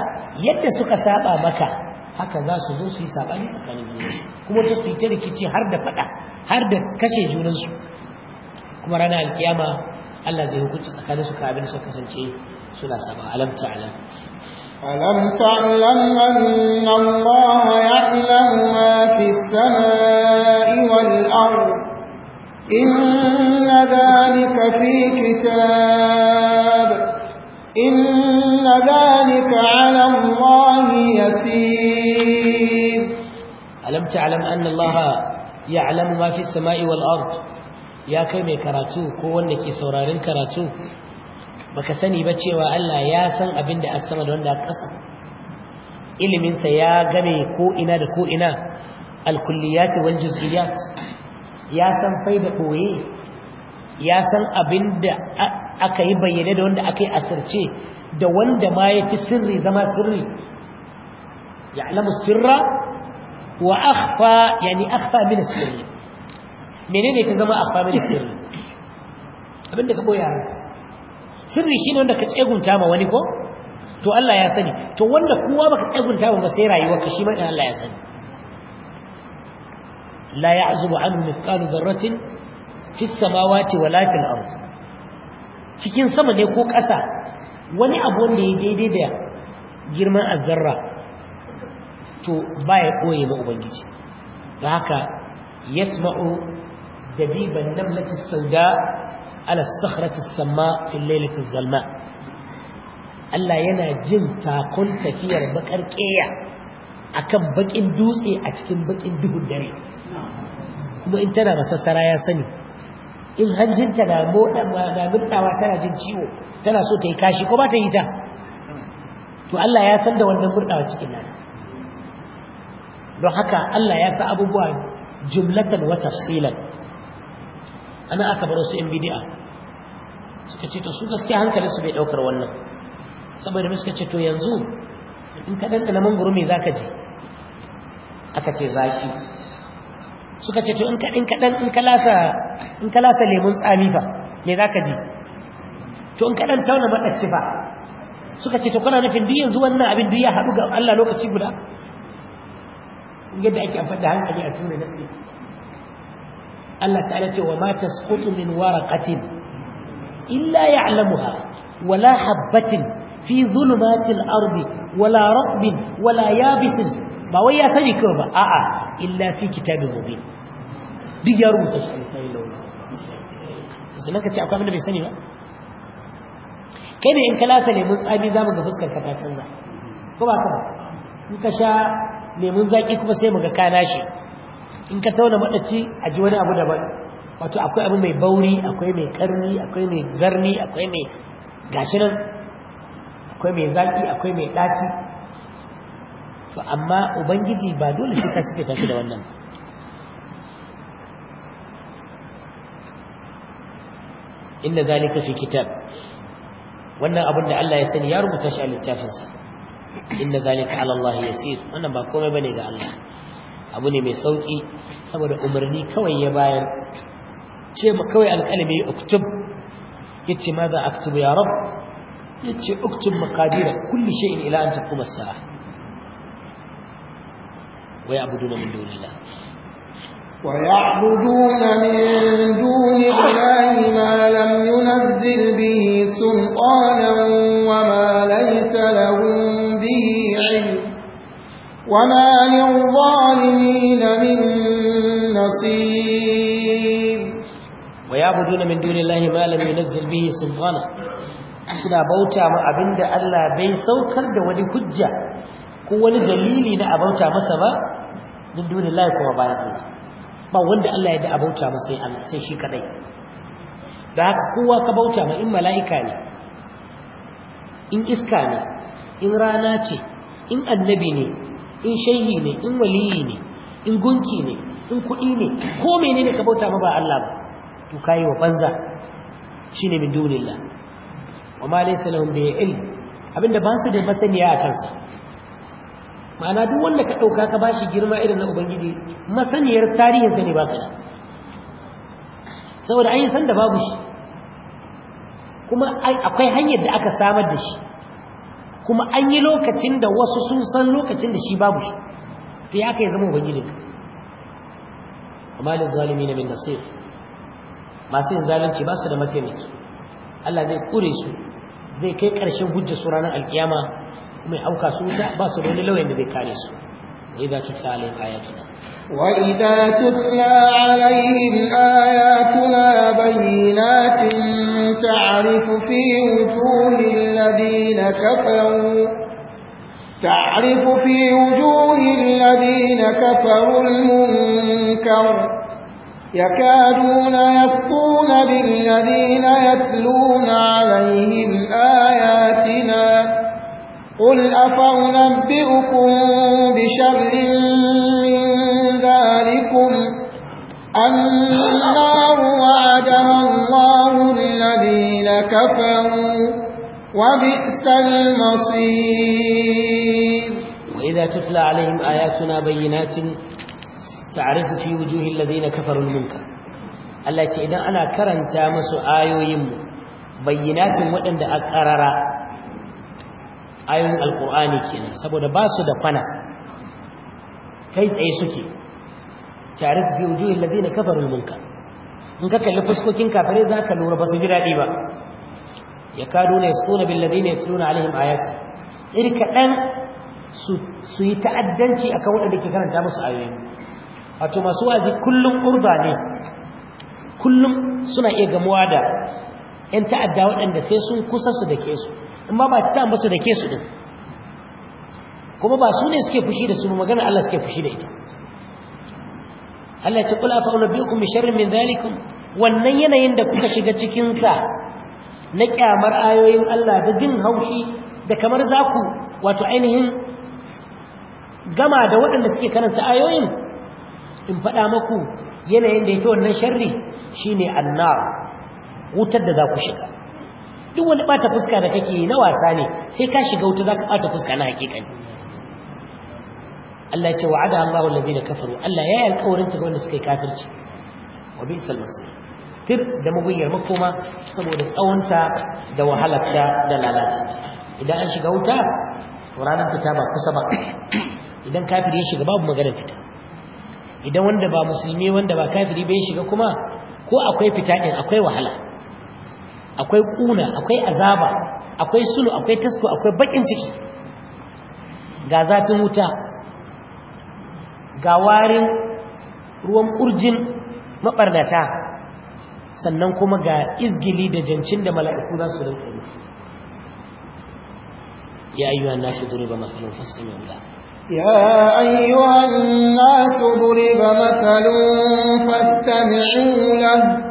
يد سكا سابا مكا haka za su zo su yi saɓani tsakanin junansu kuma ta su yi ta rikici har da faɗa har da kashe junansu kuma ranar alkiyama Allah zai hukunci tsakanin su kabin su kasance suna saba alam ta'ala alam ta'lam anna Allah ya'lamu ma fi samai wal ardh إن ذلك في كتاب إن ذلك على الله يسير ألم تعلم أن الله يعلم ما في السماء ya kai mai karatu ko ke saurarin karatu baka sani ba cewa Allah ya san abin da asama da wanda ƙasa iliminsa ya game ko'ina ina da ko ina alkulliyat wal juz'iyat ya san fai da ɓoye ya san abin da aka yi bayyane da wanda aka yi asirce da wanda ma ya fi sirri zama sirri ya alamu sirra wa akhfa yani akfa min sirri ne ka zama akfa min sirri abin da ka boya sirri shi ne wanda ka tsegunta ma wani ko to Allah ya sani to wanda kowa baka tsegunta ba sai rayuwarka shi ma Allah ya sani la ya'zubu anhu mithqalu dharratin fis samawati wala fil ard cikin sama ne ko ƙasa wani abu wanda ya daidai da girman azzarra to baya koye ba ubangiji da haka yasma'u dabiban namlati sauda ala sakhrati samma fi lailati zalma Allah yana jin takon tafiyar bakar ƙeya akan bakin dutse a cikin bakin duhun dare kuma in tana masassara ya sani in hanjinta na murtawa tana jin ciwo tana so ta yi kashi ko ba ta yi ta to Allah ya san da wannan murtawa cikin nasu. don haka Allah ya sa abubuwa jumlatan wa tafsilan ana aka bar su yan bid'a suka ce to su gaskiya su bai daukar wannan saboda suka ce to yanzu in ka dandana mangoro me zaka ji aka ce zaki suka ce to in ka in kadan in lemun tsami fa me ka ji to in kaɗan tauna madacci fa suka ce to kana nufin duk yanzu wannan abin duk haɗu ga Allah lokaci guda yadda ake amfani da hankali a tura nafsi Allah ta'ala ce wa ma tasqutu min waraqatin illa ya'lamuha wala habbatin, fi dhulumatil ardi wala ratbin wala yabisin ba wai ya sani kawai ba a'a illa fi kitabin mubin duk ya rubuta su sai ka ce akwai abin da bai sani ba kai ne in ka lasa lemun tsami za mu ga fuskar ka ta canza ko ba ka ba in ka sha lemun zaƙi kuma sai mu ga kana shi in ka tauna maɗaci a ji wani abu daban wato akwai abu mai bauri akwai mai karni akwai mai zarni akwai mai gashinan, akwai mai zaƙi akwai mai ɗaci to amma ubangiji ba dole sai ka sifita shi da wannan inna zalika fi kitab wannan abin da Allah ya sani ya rubuta shi a littafinsa inna zalika ala Allah yasir wannan ba komai bane ga Allah abu ne mai sauki saboda umarni kawai ya bayar ce ma kawai alƙalami uktub yace ma za aktubu ya rab yace uktub maqadira kulli shay'in ila an taquma as-sa'a ويعبدون من دون الله ويعبدون من دون الله ما لم ينزل به سلطانا وما ليس لهم به علم وما للظالمين من نصير ويعبدون من دون الله ما لم ينزل به سلطانا suna bauta ma abinda Allah bai saukar da wani hujja ko wani dalili na abauta masa ba duk dunillahi kuma bayan Allah ba wanda Allah ya da abauta masa sai Allah sai shi kadai da haka kowa ka bauta ma in mala'ika ne in iska ne in rana ce in annabi ne in shehi ne in waliyi ne in gunki ne in kuɗi ne ko menene ka bauta ma ba Allah ba to kai wa banza shine min dunillah wa ma laysa lahum bi ilm abinda ba su da masaniya a kansa ma'ana duk wanda ka ɗauka ka ba shi girma irin na ubangiji masaniyar tarihinsa ne baka shi saboda an yi san da babu shi kuma akwai hanyar da aka samar da shi kuma an yi lokacin da wasu sun san lokacin da shi babu shi to ya kai zama ubangijinka amma da zalimi na min nasir masu yin zalunci ba su da mataimaki Allah zai kure su zai kai ƙarshen hujja su ranar alkiyama kuma ya auka su wuta ba su da wani lauyan da zai kare su idza tutla alaihim ayatuna wa idza tutla alaihim ayatuna bayyinatin ta'rifu fi wujuhi alladhina kafaru تعرف في وجوه الذين كفروا المنكر يكادون يسطون بالذين يتلون عليهم آياتنا قل أفأنبئكم بشر من ذلكم النار وعدها الله الذين كفروا وبئس المصير وإذا تتلى عليهم آياتنا بينات تعرف في وجوه الذين كفروا المنكر التي إذا أنا كرنت مس آيوهم بينات وأن أقرر ayoyin alkur'ani kenan saboda ba su da kwana kai tsaye suke tare da wujuhil ladina kafaru munkar in ka kalli fuskokin kafare za ka lura ba su ji daɗi ba ya kado na yasquna bil ladina yatluna alaihim ayati ir kaɗan su yi ta'addanci akan waɗanda ke karanta musu ayoyi wato masu wazi kullum urba ne kullum suna iya gamuwa da 'yan ta'adda waɗanda sai sun kusa su da ke su in ba ci sa'an ba su ke su din kuma ba su ne suke fushi da su magana Allah suke fushi da ita Allah ya ce qul afa unabbiukum min sharrin min dhalikum wannan yanayin da kuka shiga cikin sa na kyamar ayoyin Allah da jin haushi da kamar za ku wato ainihin gama da waɗanda suke karanta ayoyin in faɗa maku yanayin da yake wannan sharri shine annar wutar da za ku shiga duk wani bata fuska da kake na wasa ne sai ka shiga wuta zaka bata fuska na hakikani Allah ya ce wa'ada Allahu alladhina kafaru Allah ya yi alƙawarin ta ga wanda suka yi kafirci wa bi salmasi tir da mugunyar makoma saboda tsawonta da wahalarta da lalata idan an shiga wuta to ranar fita ba kusa ba *coughs* idan kafiri ya shiga babu maganar fita idan wanda ba musulmi wanda ba kafiri bai shiga kuma ko akwai fita din akwai wahala akwai kuna akwai azaba akwai sulu akwai tasko akwai bakin ciki ga zafin wuta ga warin ruwan kurjin mabarnata sannan kuma ga izgili da jancin da mala'iku za su rinka yi ya ayyuhan nasu duriba masalun fastami'u lahu يا أيها الناس ضرب مثل فاستمعوا له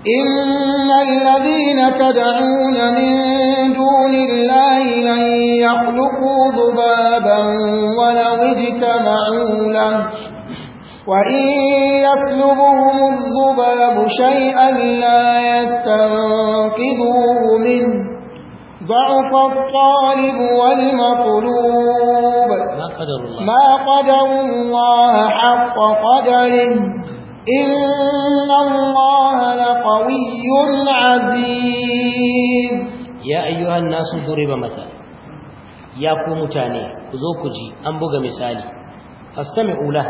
إن الذين تدعون من دون الله لن يخلقوا ذبابا ولو اجتمعوا له وإن يسلبهم الذباب شيئا لا يستنقذوه منه ضعف الطالب والمطلوب ما قدر الله, ما قدر الله حق قدره إن الله لقوي عزيز يا أيها الناس ضرب مثال يا كو تاني كذو جي أنبغى مثالي فاستمعوا له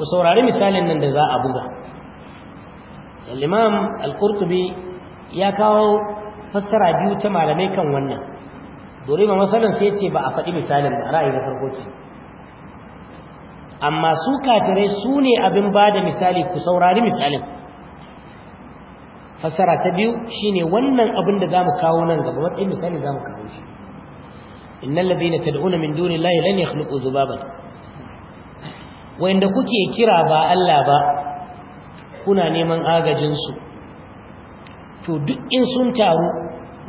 وسوراري مثال أن ذا أبغى الإمام القرطبي يا كاو فسر عبيو تم لميكا ميكا ونن ضرب مثلا سيتي بقى مثالا رأي فرقوكي amma su kafirai su ne abin ba da misali ku saurari misalin fassara ta biyu shi ne wannan abin da za mu kawo nan gaba matsayin misali mu kawo shi labina ta da'una min dunillahi lan yakhluqu dhubaban wanda kuke kira ba Allah ba kuna neman agajin su to duk in sun taru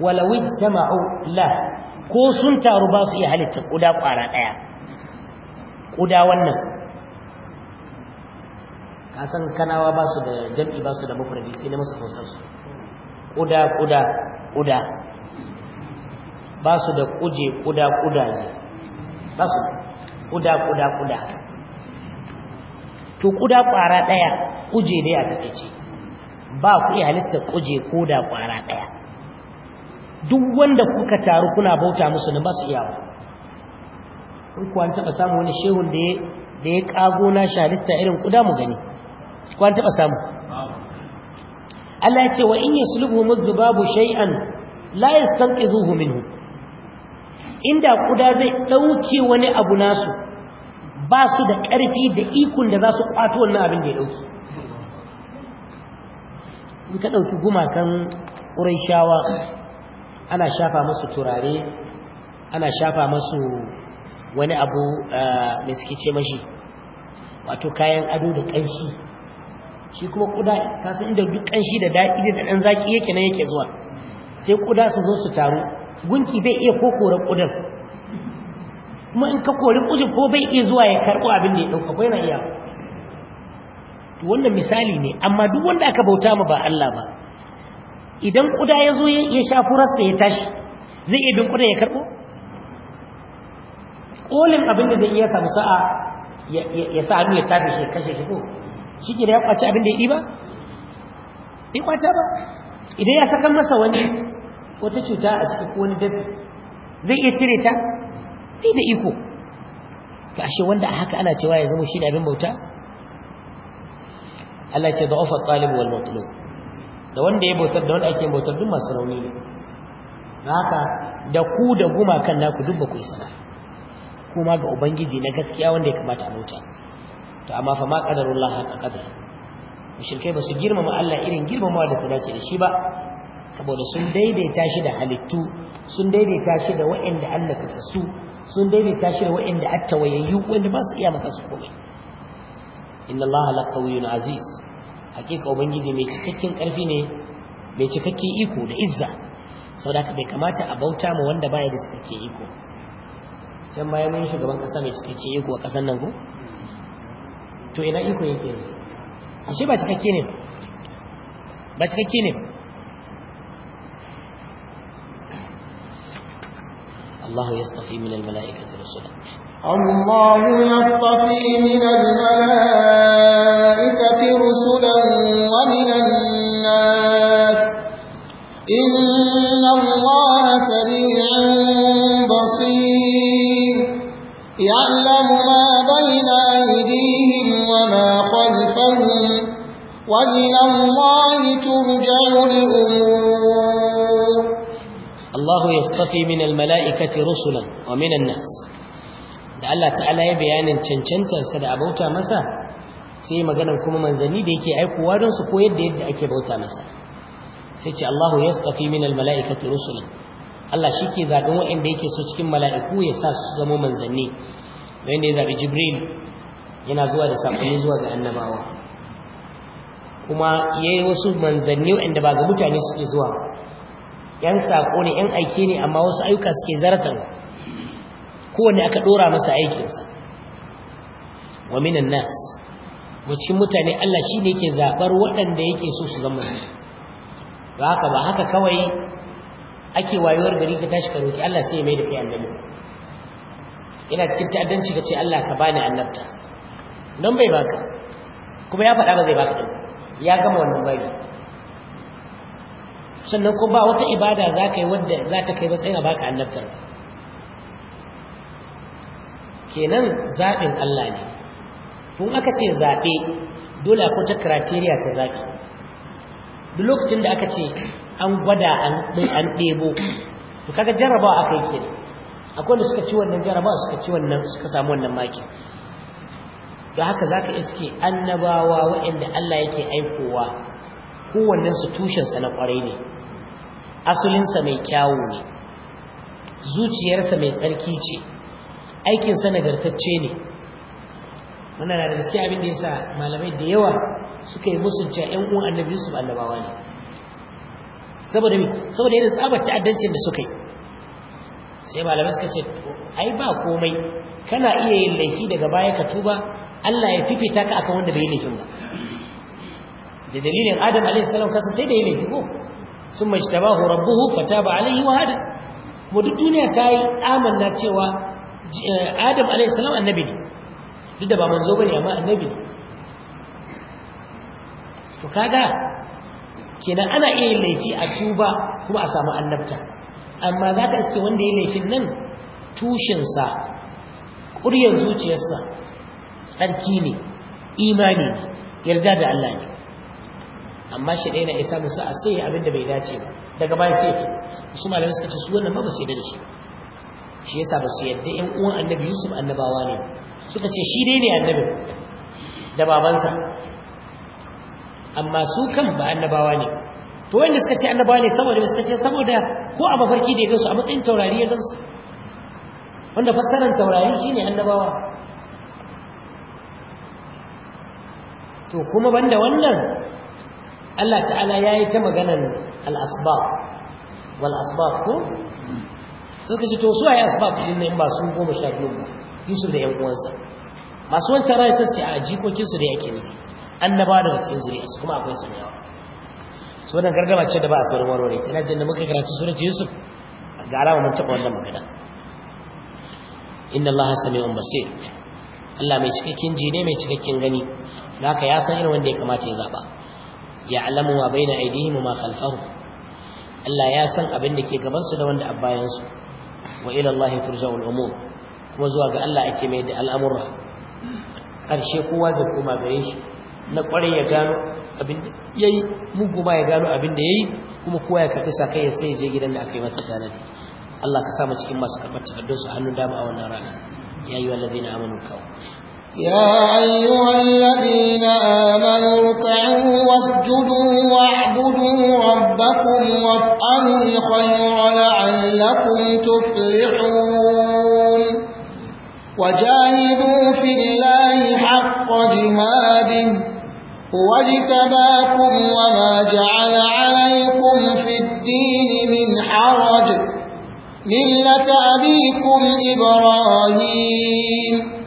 walaw ta la ko sun taru ba su iya halitta kuda kwara daya kuda wannan A san kanawa ba su da jam'i ba su da mufradi sai na musu kusansu su kuda kuda kuda ba su da kuje kuda kuda ne ba su kuda kuda kuda to kuda kwara daya kuje ne a ce ba ku iya halitta kuje koda kwara daya duk wanda kuka taru kuna bauta musu ne ba su iya ba in kuwa an taɓa wani shehun da ya ƙago na shalitta irin kuda mu gani ko an taɓa samu Allah ya ce wa in yaslubu mudzubabu shay'an la yastanqizuhu minhu inda kuda zai dauke wani abu nasu ba su da ƙarfi da ikon da za su kwato wannan abin da ya dauki in ka dauki gumakan ƙurayshawa ana shafa musu turare ana shafa musu wani abu mai eh, suke ce mashi wato kayan ado da ƙanshi shi kuma kuda ta san inda duk kanshi da daɗi da ɗan zaki yake nan yake zuwa sai kuda su zo su taru gunki bai iya ko kore kudan kuma in ka kori kudin ko bai iya zuwa ya karɓo abin da ya ɗauka ko yana iya to wannan misali ne amma duk wanda aka bauta ma ba Allah ba idan kuda ya zo ya sha furarsa ya tashi zai iya bin kudan ya karɓo kolin abin da zai iya samu sa'a ya sa hannu ya tafi shi ya kashe shi ko shi da ya kwaci abin da ya ɗiba? ya kwace ba idan ya sakan masa wani wata cuta a cikin wani dafi zai iya cire ta fi da iko ga ashe wanda a haka ana cewa ya zama shi da abin bauta Allah ce da ofa wal da wanda ya bautar da wanda ake bautar duk masu rauni ne da haka da ku da gumakan naku duk ba ku kuma ga ubangiji na gaskiya wanda ya kamata a bauta to amma fa ma qadarullah haka kadar mushrikai ba su girmama Allah irin girmamawa da ta dace da shi ba saboda sun daidaita shi da halittu sun daidaita shi da waɗanda Allah ka sasu sun daidaita shi da waɗanda attawayayyu wanda ba su iya maka su komai inna Allah la qawiyyun aziz hakika ubangiji mai cikakken karfi ne mai cikakken iko da izza saboda bai kamata a bauta ma wanda baya da cikakken iko can bayan mun shugaban kasa mai cikakken iko a kasan nan ko to ina iko yake yanzu ashe ba cikakke ne ba ba cikakke ne ba الله يصطفي من الملائكة رسلا الله يصطفي من الملائكة رسلا ومن الناس إن الله سريع بصير يعلم عنهم وإلى الله ترجع الأمور الله يصطفي من الملائكة رسلا ومن الناس da Allah ta'ala ya bayanin cancantarsa da a bauta masa sai maganar kuma manzanni da yake aikowa don su koyar da yadda ake bauta masa sai ce Allahu ya yastafi min almalaikati rusulan Allah shike zaben waɗanda yake so cikin mala'iku ya sa su zama manzanni wanda ya zaɓi Jibril yana zuwa da sakonni zuwa ga annabawa kuma ya yi wasu manzanni waɗanda ba ga mutane suke zuwa yan saƙo ne yan aiki ne amma wasu ayyuka suke zaratarwa kowane aka ɗora masa aikinsa wa minan nas wacin mutane Allah shi ne yake zaɓar waɗanda yake so su zama ba haka ba haka kawai ake wayewar gari ka tashi karoki Allah sai ya mai da kai annabi ina cikin ta'addanci ka ce Allah ka bani annabta don bai baka kuma ya faɗa ba zai baka ɗauka ya gama wannan bari, sannan ko ba wata ibada za ka yi wadda za ta kai matsayin a baka annabtar kenan zaɓin Allah ne kun aka ce zaɓe dole akwai ta criteria ta zaɓe duk lokacin da aka ce an gwada an ɗebo to kaga jarabawa aka yi kenan akwai da suka ci wannan jarabawa suka ci wannan suka samu wannan maki da haka za ka iske annabawa waɗanda Allah yake aikowa kowannensu tushensa na ƙwarai ne asulinsa mai kyawu ne zuciyarsa mai tsarki ce aikinsa nagartacce ne wannan na da gaske abin da ya sa malamai da yawa suka yi musulci a ‘yan uwan annabi su annabawa ne saboda mi saboda yadda tsabar addancin da suka yi sai malamai suka ce ai ba komai kana iya yin laifi daga baya ka tuba Allah ya fifita ka akan wanda bai laifin ba da dalilin Adam alaihi salam kasa sai da ya laifi ko summa ijtabahu rabbuhu fataba alaihi wa hada mu duk duniya ta yi amanna cewa eh, Adam alaihi salam annabi ne duk da ba manzo bane amma annabi ne to kaga kenan ana iya yin laifi a tuba kuma a samu annabta amma za ka iske wanda ya laifin nan tushensa ƙuryar zuciyarsa tsarki ne imani ne yarda da Allah ne amma shi ɗaya na isa musu a sai abin da bai dace ba daga baya sai ya su malamai suka ce su wannan ba ba su yarda da shi shi yasa ba su yarda in uwan annabi yusuf annabawa ne suka ce shi dai ne annabin da babansa amma su kan ba annabawa ne to wanda suka ce annabawa ne saboda suka ce saboda ko a mafarki da ya gansu a matsayin taurari ya gansu wanda fassarar taurari shine annabawa to kuma banda wannan Allah ta'ala ya yi ta maganan al'asbab wal'asbab ko? sun kashi to su a yi asbab ɗin na yin ba su goma sha biyu ba yusuf da ‘yan uwansa masu wancan rayu ce a jikokinsu da yake nufi an na ba da cikin su kuma akwai su yawa su wannan gargama ce da ba a sauran warware ta na janna muka karatu sunan yusuf ga alama mun taɓa wannan magana inna allaha sami'un basir allah mai cikakken ji ne mai cikakken gani naka ya san irin wanda ya kamata ya zaba ya'lamu ma baina aydihim ma khalfahum Allah ya san abin da ke gabansu da wanda a bayan su wa ila Allah turja'ul kuma zuwa ga Allah ake mai da al'amura karshe kowa zai koma gare shi na kwarai ya gano abin da yayi mugu ma ya gano abin da yayi kuma kowa ya karbi sa kai sai ya je gidan da aka yi masa tanadi Allah ka sa mu cikin masu karbar takardun su hannun dama a wannan rana ya yi wa lazina amanu kawo يا أيها الذين آمنوا اركعوا واسجدوا واعبدوا ربكم وافعلوا الخير لعلكم تفلحون وجاهدوا في الله حق جهاده واجتباكم وما جعل عليكم في الدين من حرج ملة أبيكم إبراهيم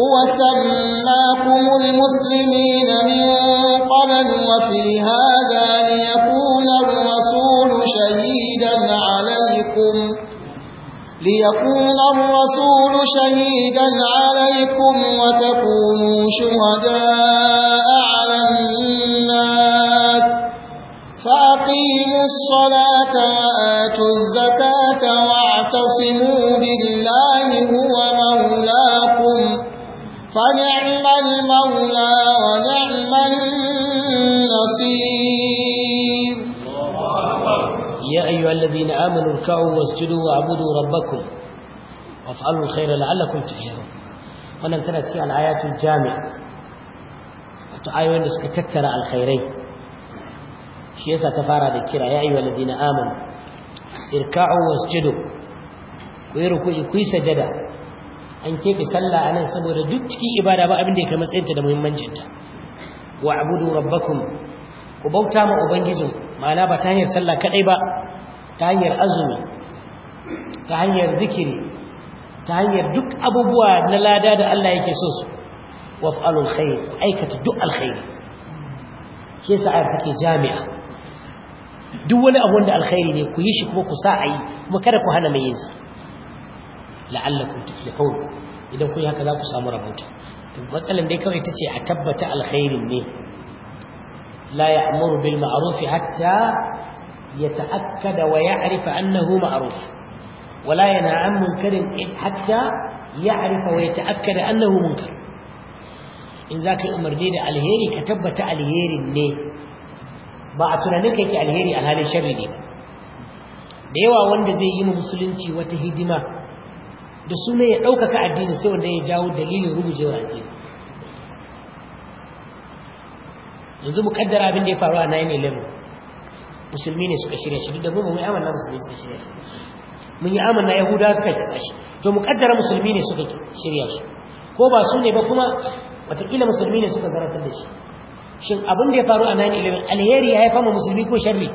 هو سماكم المسلمين من قبل وفي هذا ليكون الرسول شهيدا عليكم ليكون الرسول شهيدا عليكم وتكونوا شهداء على الناس فأقيموا الصلاة وآتوا الزكاة واعتصموا بالله هو مولاكم فنعم المولى ونعم النصير يا أيها الذين آمنوا اركعوا واسجدوا واعبدوا ربكم وافعلوا الخير لعلكم تحيرون ولم امتنت فيها الآيات الجامعة تعايون اسكتكر على الخيرين شيء ستفارى ذكرى يا أيها الذين آمنوا اركعوا واسجدوا ويركوا يكوي سجدوا an keɓe sallah anan saboda duk cikin ibada ba abin da ya kai matsayinta da muhimmancinta wa abudu rabbakum ku bauta ma ubangijin ma'ana ba ta hanyar sallah kaɗai ba ta hanyar azumi ta hanyar zikiri ta hanyar duk abubuwa na lada da Allah yake so su waf'alul khair aikata duk alkhairi shi yasa ayar take jami'a duk wani abu wanda alkhairi ne ku yi shi kuma ku sa ayi kuma kada ku hana mai yin sa la'allakum tuflihun idan kun haka za ku samu rabauta matsalan dai kawai ta ce a tabbata alkhairin ne la ya'muru bil ma'ruf hatta yata'akkada wa ya'rifa annahu ma'ruf wa la yanha 'an munkarin hatta ya'rifa wa yata'akkada annahu munkar in za ka yi umarni da alheri ka tabbata alherin ne ba a tunanin ka yake alheri alhalin sharri ne ba da yawa wanda zai yi musulunci wata hidima da suna ya ɗaukaka addini sai wanda ya jawo dalilin rugujewa addini yanzu mu kaddara abin da ya faru a 9-11 musulmi ne suka shirya shi da mu mun yi musulmi suka shirya shi mun yi amanna yahuda suka kitsa shi to mu kaddara musulmi ne suka shirya shi ko ba su ne ba kuma watakila musulmi ne suka zaratar da shi shin abin da ya faru a 9-11 alheri ya haifa ma musulmi ko sharri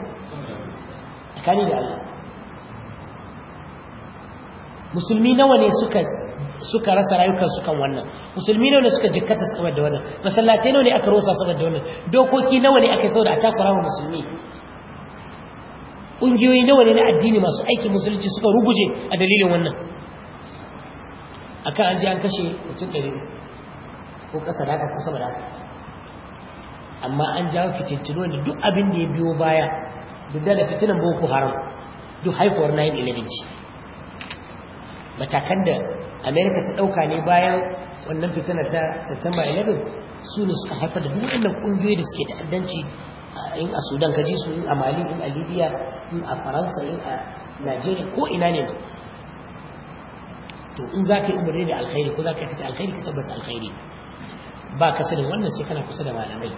tsakani da Allah musulmi nawa ne suka suka rasa rayukansu kan wannan musulmi nawa ne suka jikkata saboda wannan masallatai nawa ne aka rosa saboda wannan dokoki nawa ne aka yi saboda a takura wa musulmi ƙungiyoyi nawa ne na addini masu aikin musulunci suka ruguje a dalilin wannan akan an ji an kashe mutum ɗari ko ƙasa da aka ko da amma an jawo fitintinu wanda duk abin da ya biyo baya duk da fitinan boko haram duk haifuwar 9-11 ce matakan da Amerika ta dauka ne bayan wannan fitinar ta september 11 su ne suka haifar da duk wannan kungiyoyi da suke ta'addanci in a sudan kaji su in a mali in a libya in a faransa in a nigeria ko ina ne to in za ka yi umarni da alkhairi ko za ka kace alkhairi ka tabbata alkhairi ba ka sanin wannan sai kana kusa da malamai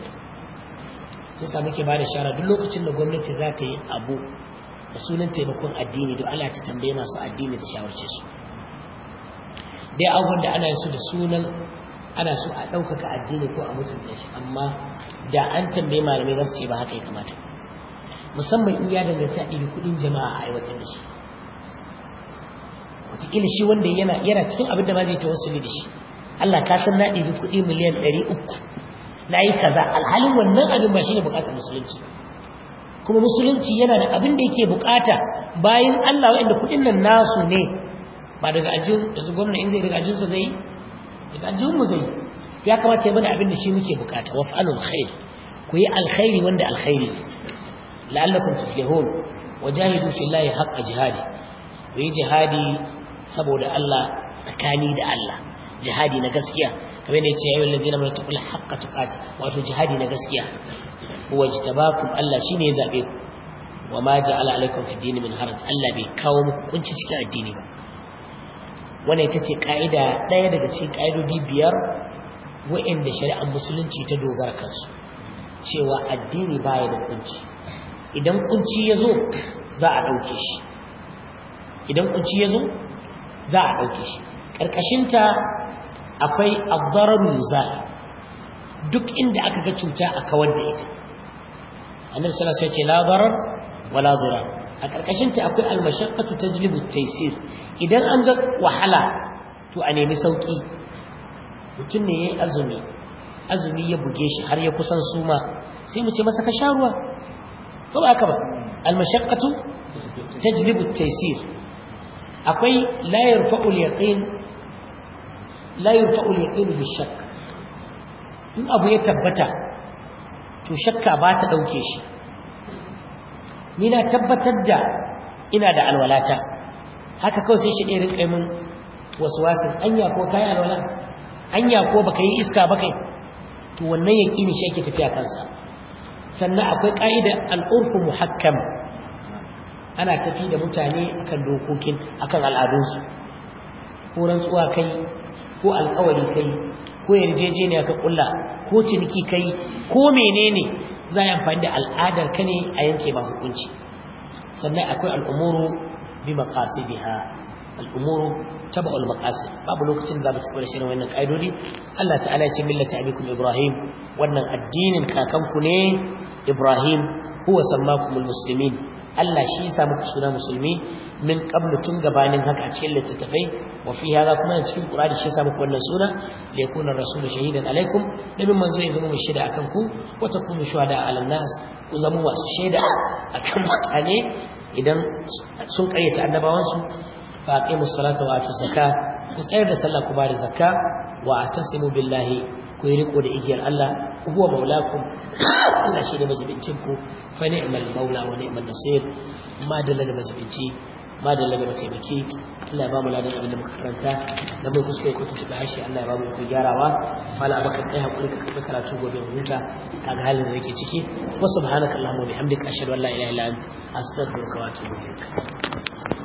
yasa muke ba da shara duk lokacin da gwamnati za ta yi abu da sunan taimakon addini don Allah ta tambaye masu addini ta shawarce su dai abubuwan da ana su da sunan ana su a ɗaukaka addini ko a mutunta shi amma da an tambaye malamai za su ce ba haka ya kamata musamman in ya danganci a ɗiri kuɗin jama'a a aiwatar da shi wataƙila shi wanda yana yana cikin abin da ma zai wasu da shi Allah ka san na ɗiri kuɗi miliyan ɗari uku na yi kaza alhalin wannan abin ba shi ne buƙatar musulunci kuma musulunci yana da abin da yake buƙata bayan Allah waɗanda kuɗin nan nasu ne ba daga ajiyar yanzu gwamna in zai daga ajinsa zai yi daga ajiyarmu zai yi ya kamata ya mana abin da shi muke bukata wa fa'alul khair ku yi alkhairi wanda alkhairi la'allakum tuflihun wajahidu fillahi haqqa jihadi ku yi jihadi saboda Allah tsakani da Allah jihadi na gaskiya kamar ne ce yayin ladina mun taqul haqqa tuqati wato jihadi na gaskiya huwa jtabakum Allah shine ya zabe ku wa ma ja'ala alaikum fid din min haraj Allah bai kawo muku kunci cikin addini ba wannan ita ce ƙa'ida ɗaya daga cikin ƙa'idodi biyar wa'inda shari'ar musulunci ta dogara kansu cewa addini baya da kunci idan kunci ya zo za a ɗauke shi idan kunci ya zo za a ɗauke shi ƙarƙashinta akwai abdarar muzali duk inda aka ga cuta a kawar da ita annabi sallallahu alaihi wasallam ya ce la wala dirar a ƙarƙashinta akwai almashaqqatu tajlibu taisir. idan an ga wahala to a nemi sauƙi. mutum ne ya yi azumi azumi ya buge shi har ya kusan suma sai mu ce masa ka sha ruwa ko ba ka ba almashaqqatu tajlibu taisir. akwai la fa'ul yaƙin yaqin la yarfa'u al-yaqin bi-shakk in abu ya tabbata to shakka ba ta ɗauke shi ni na tabbatar da ina da alwalata haka kawai sai shi ɗaya rinƙa min wasu wasu anya ko kayi alwala anya ko baka yi iska ba kai to wannan ne shi ake tafiya kansa sannan akwai ƙa'idar al'urfu muhakkam ana tafi da mutane akan dokokin akan al'adunsu ko rantsuwa kai ko alƙawari kai ko yarjejeniya ka ƙulla ko ciniki kai ko menene za a yi amfani da al'adar ka ne a yanke ma hukunci sannan akwai al'umuru bi maqasidiha al'umuru taba al babu lokacin da ba ta kula a wannan kaidodi Allah ta'ala ya ce millata abikum ibrahim wannan addinin kakanku ne ibrahim huwa sammakumul muslimin Allah shi ya sa muku suna musulmi min qablu tun gabanin haka a cikin littattafai wa fi hada kuma a cikin qur'ani shi yasa muku wannan suna la yakuna rasul shahidan alaikum nabin manzo ya zama mai shaida akan ku wa takunu shuhada ala nas ku zama masu shaida akan mutane idan sun kayyata annabawansu fa aqimus salata wa atu zakka ku tsayar da sallah ku bada zakka wa atasimu billahi ku yi riko da igiyar Allah huwa maulakum Allah shi ne majibincin ku fa ni'mal maula wa ni'mal nasir ma dalla da majibinci ma da lagama ce ke Allah ya bamu ladan abin da muka karanta na bai kuskure ko tuntuɓe harshe Allah ya bamu ko gyarawa mala abakar kai hakuri ka karɓi karatu gobe mu huta a ga halin da yake ciki wa subhanaka allahumma wa bihamdika ashhadu an la ilaha illa anta astaghfiruka wa atubu ilaik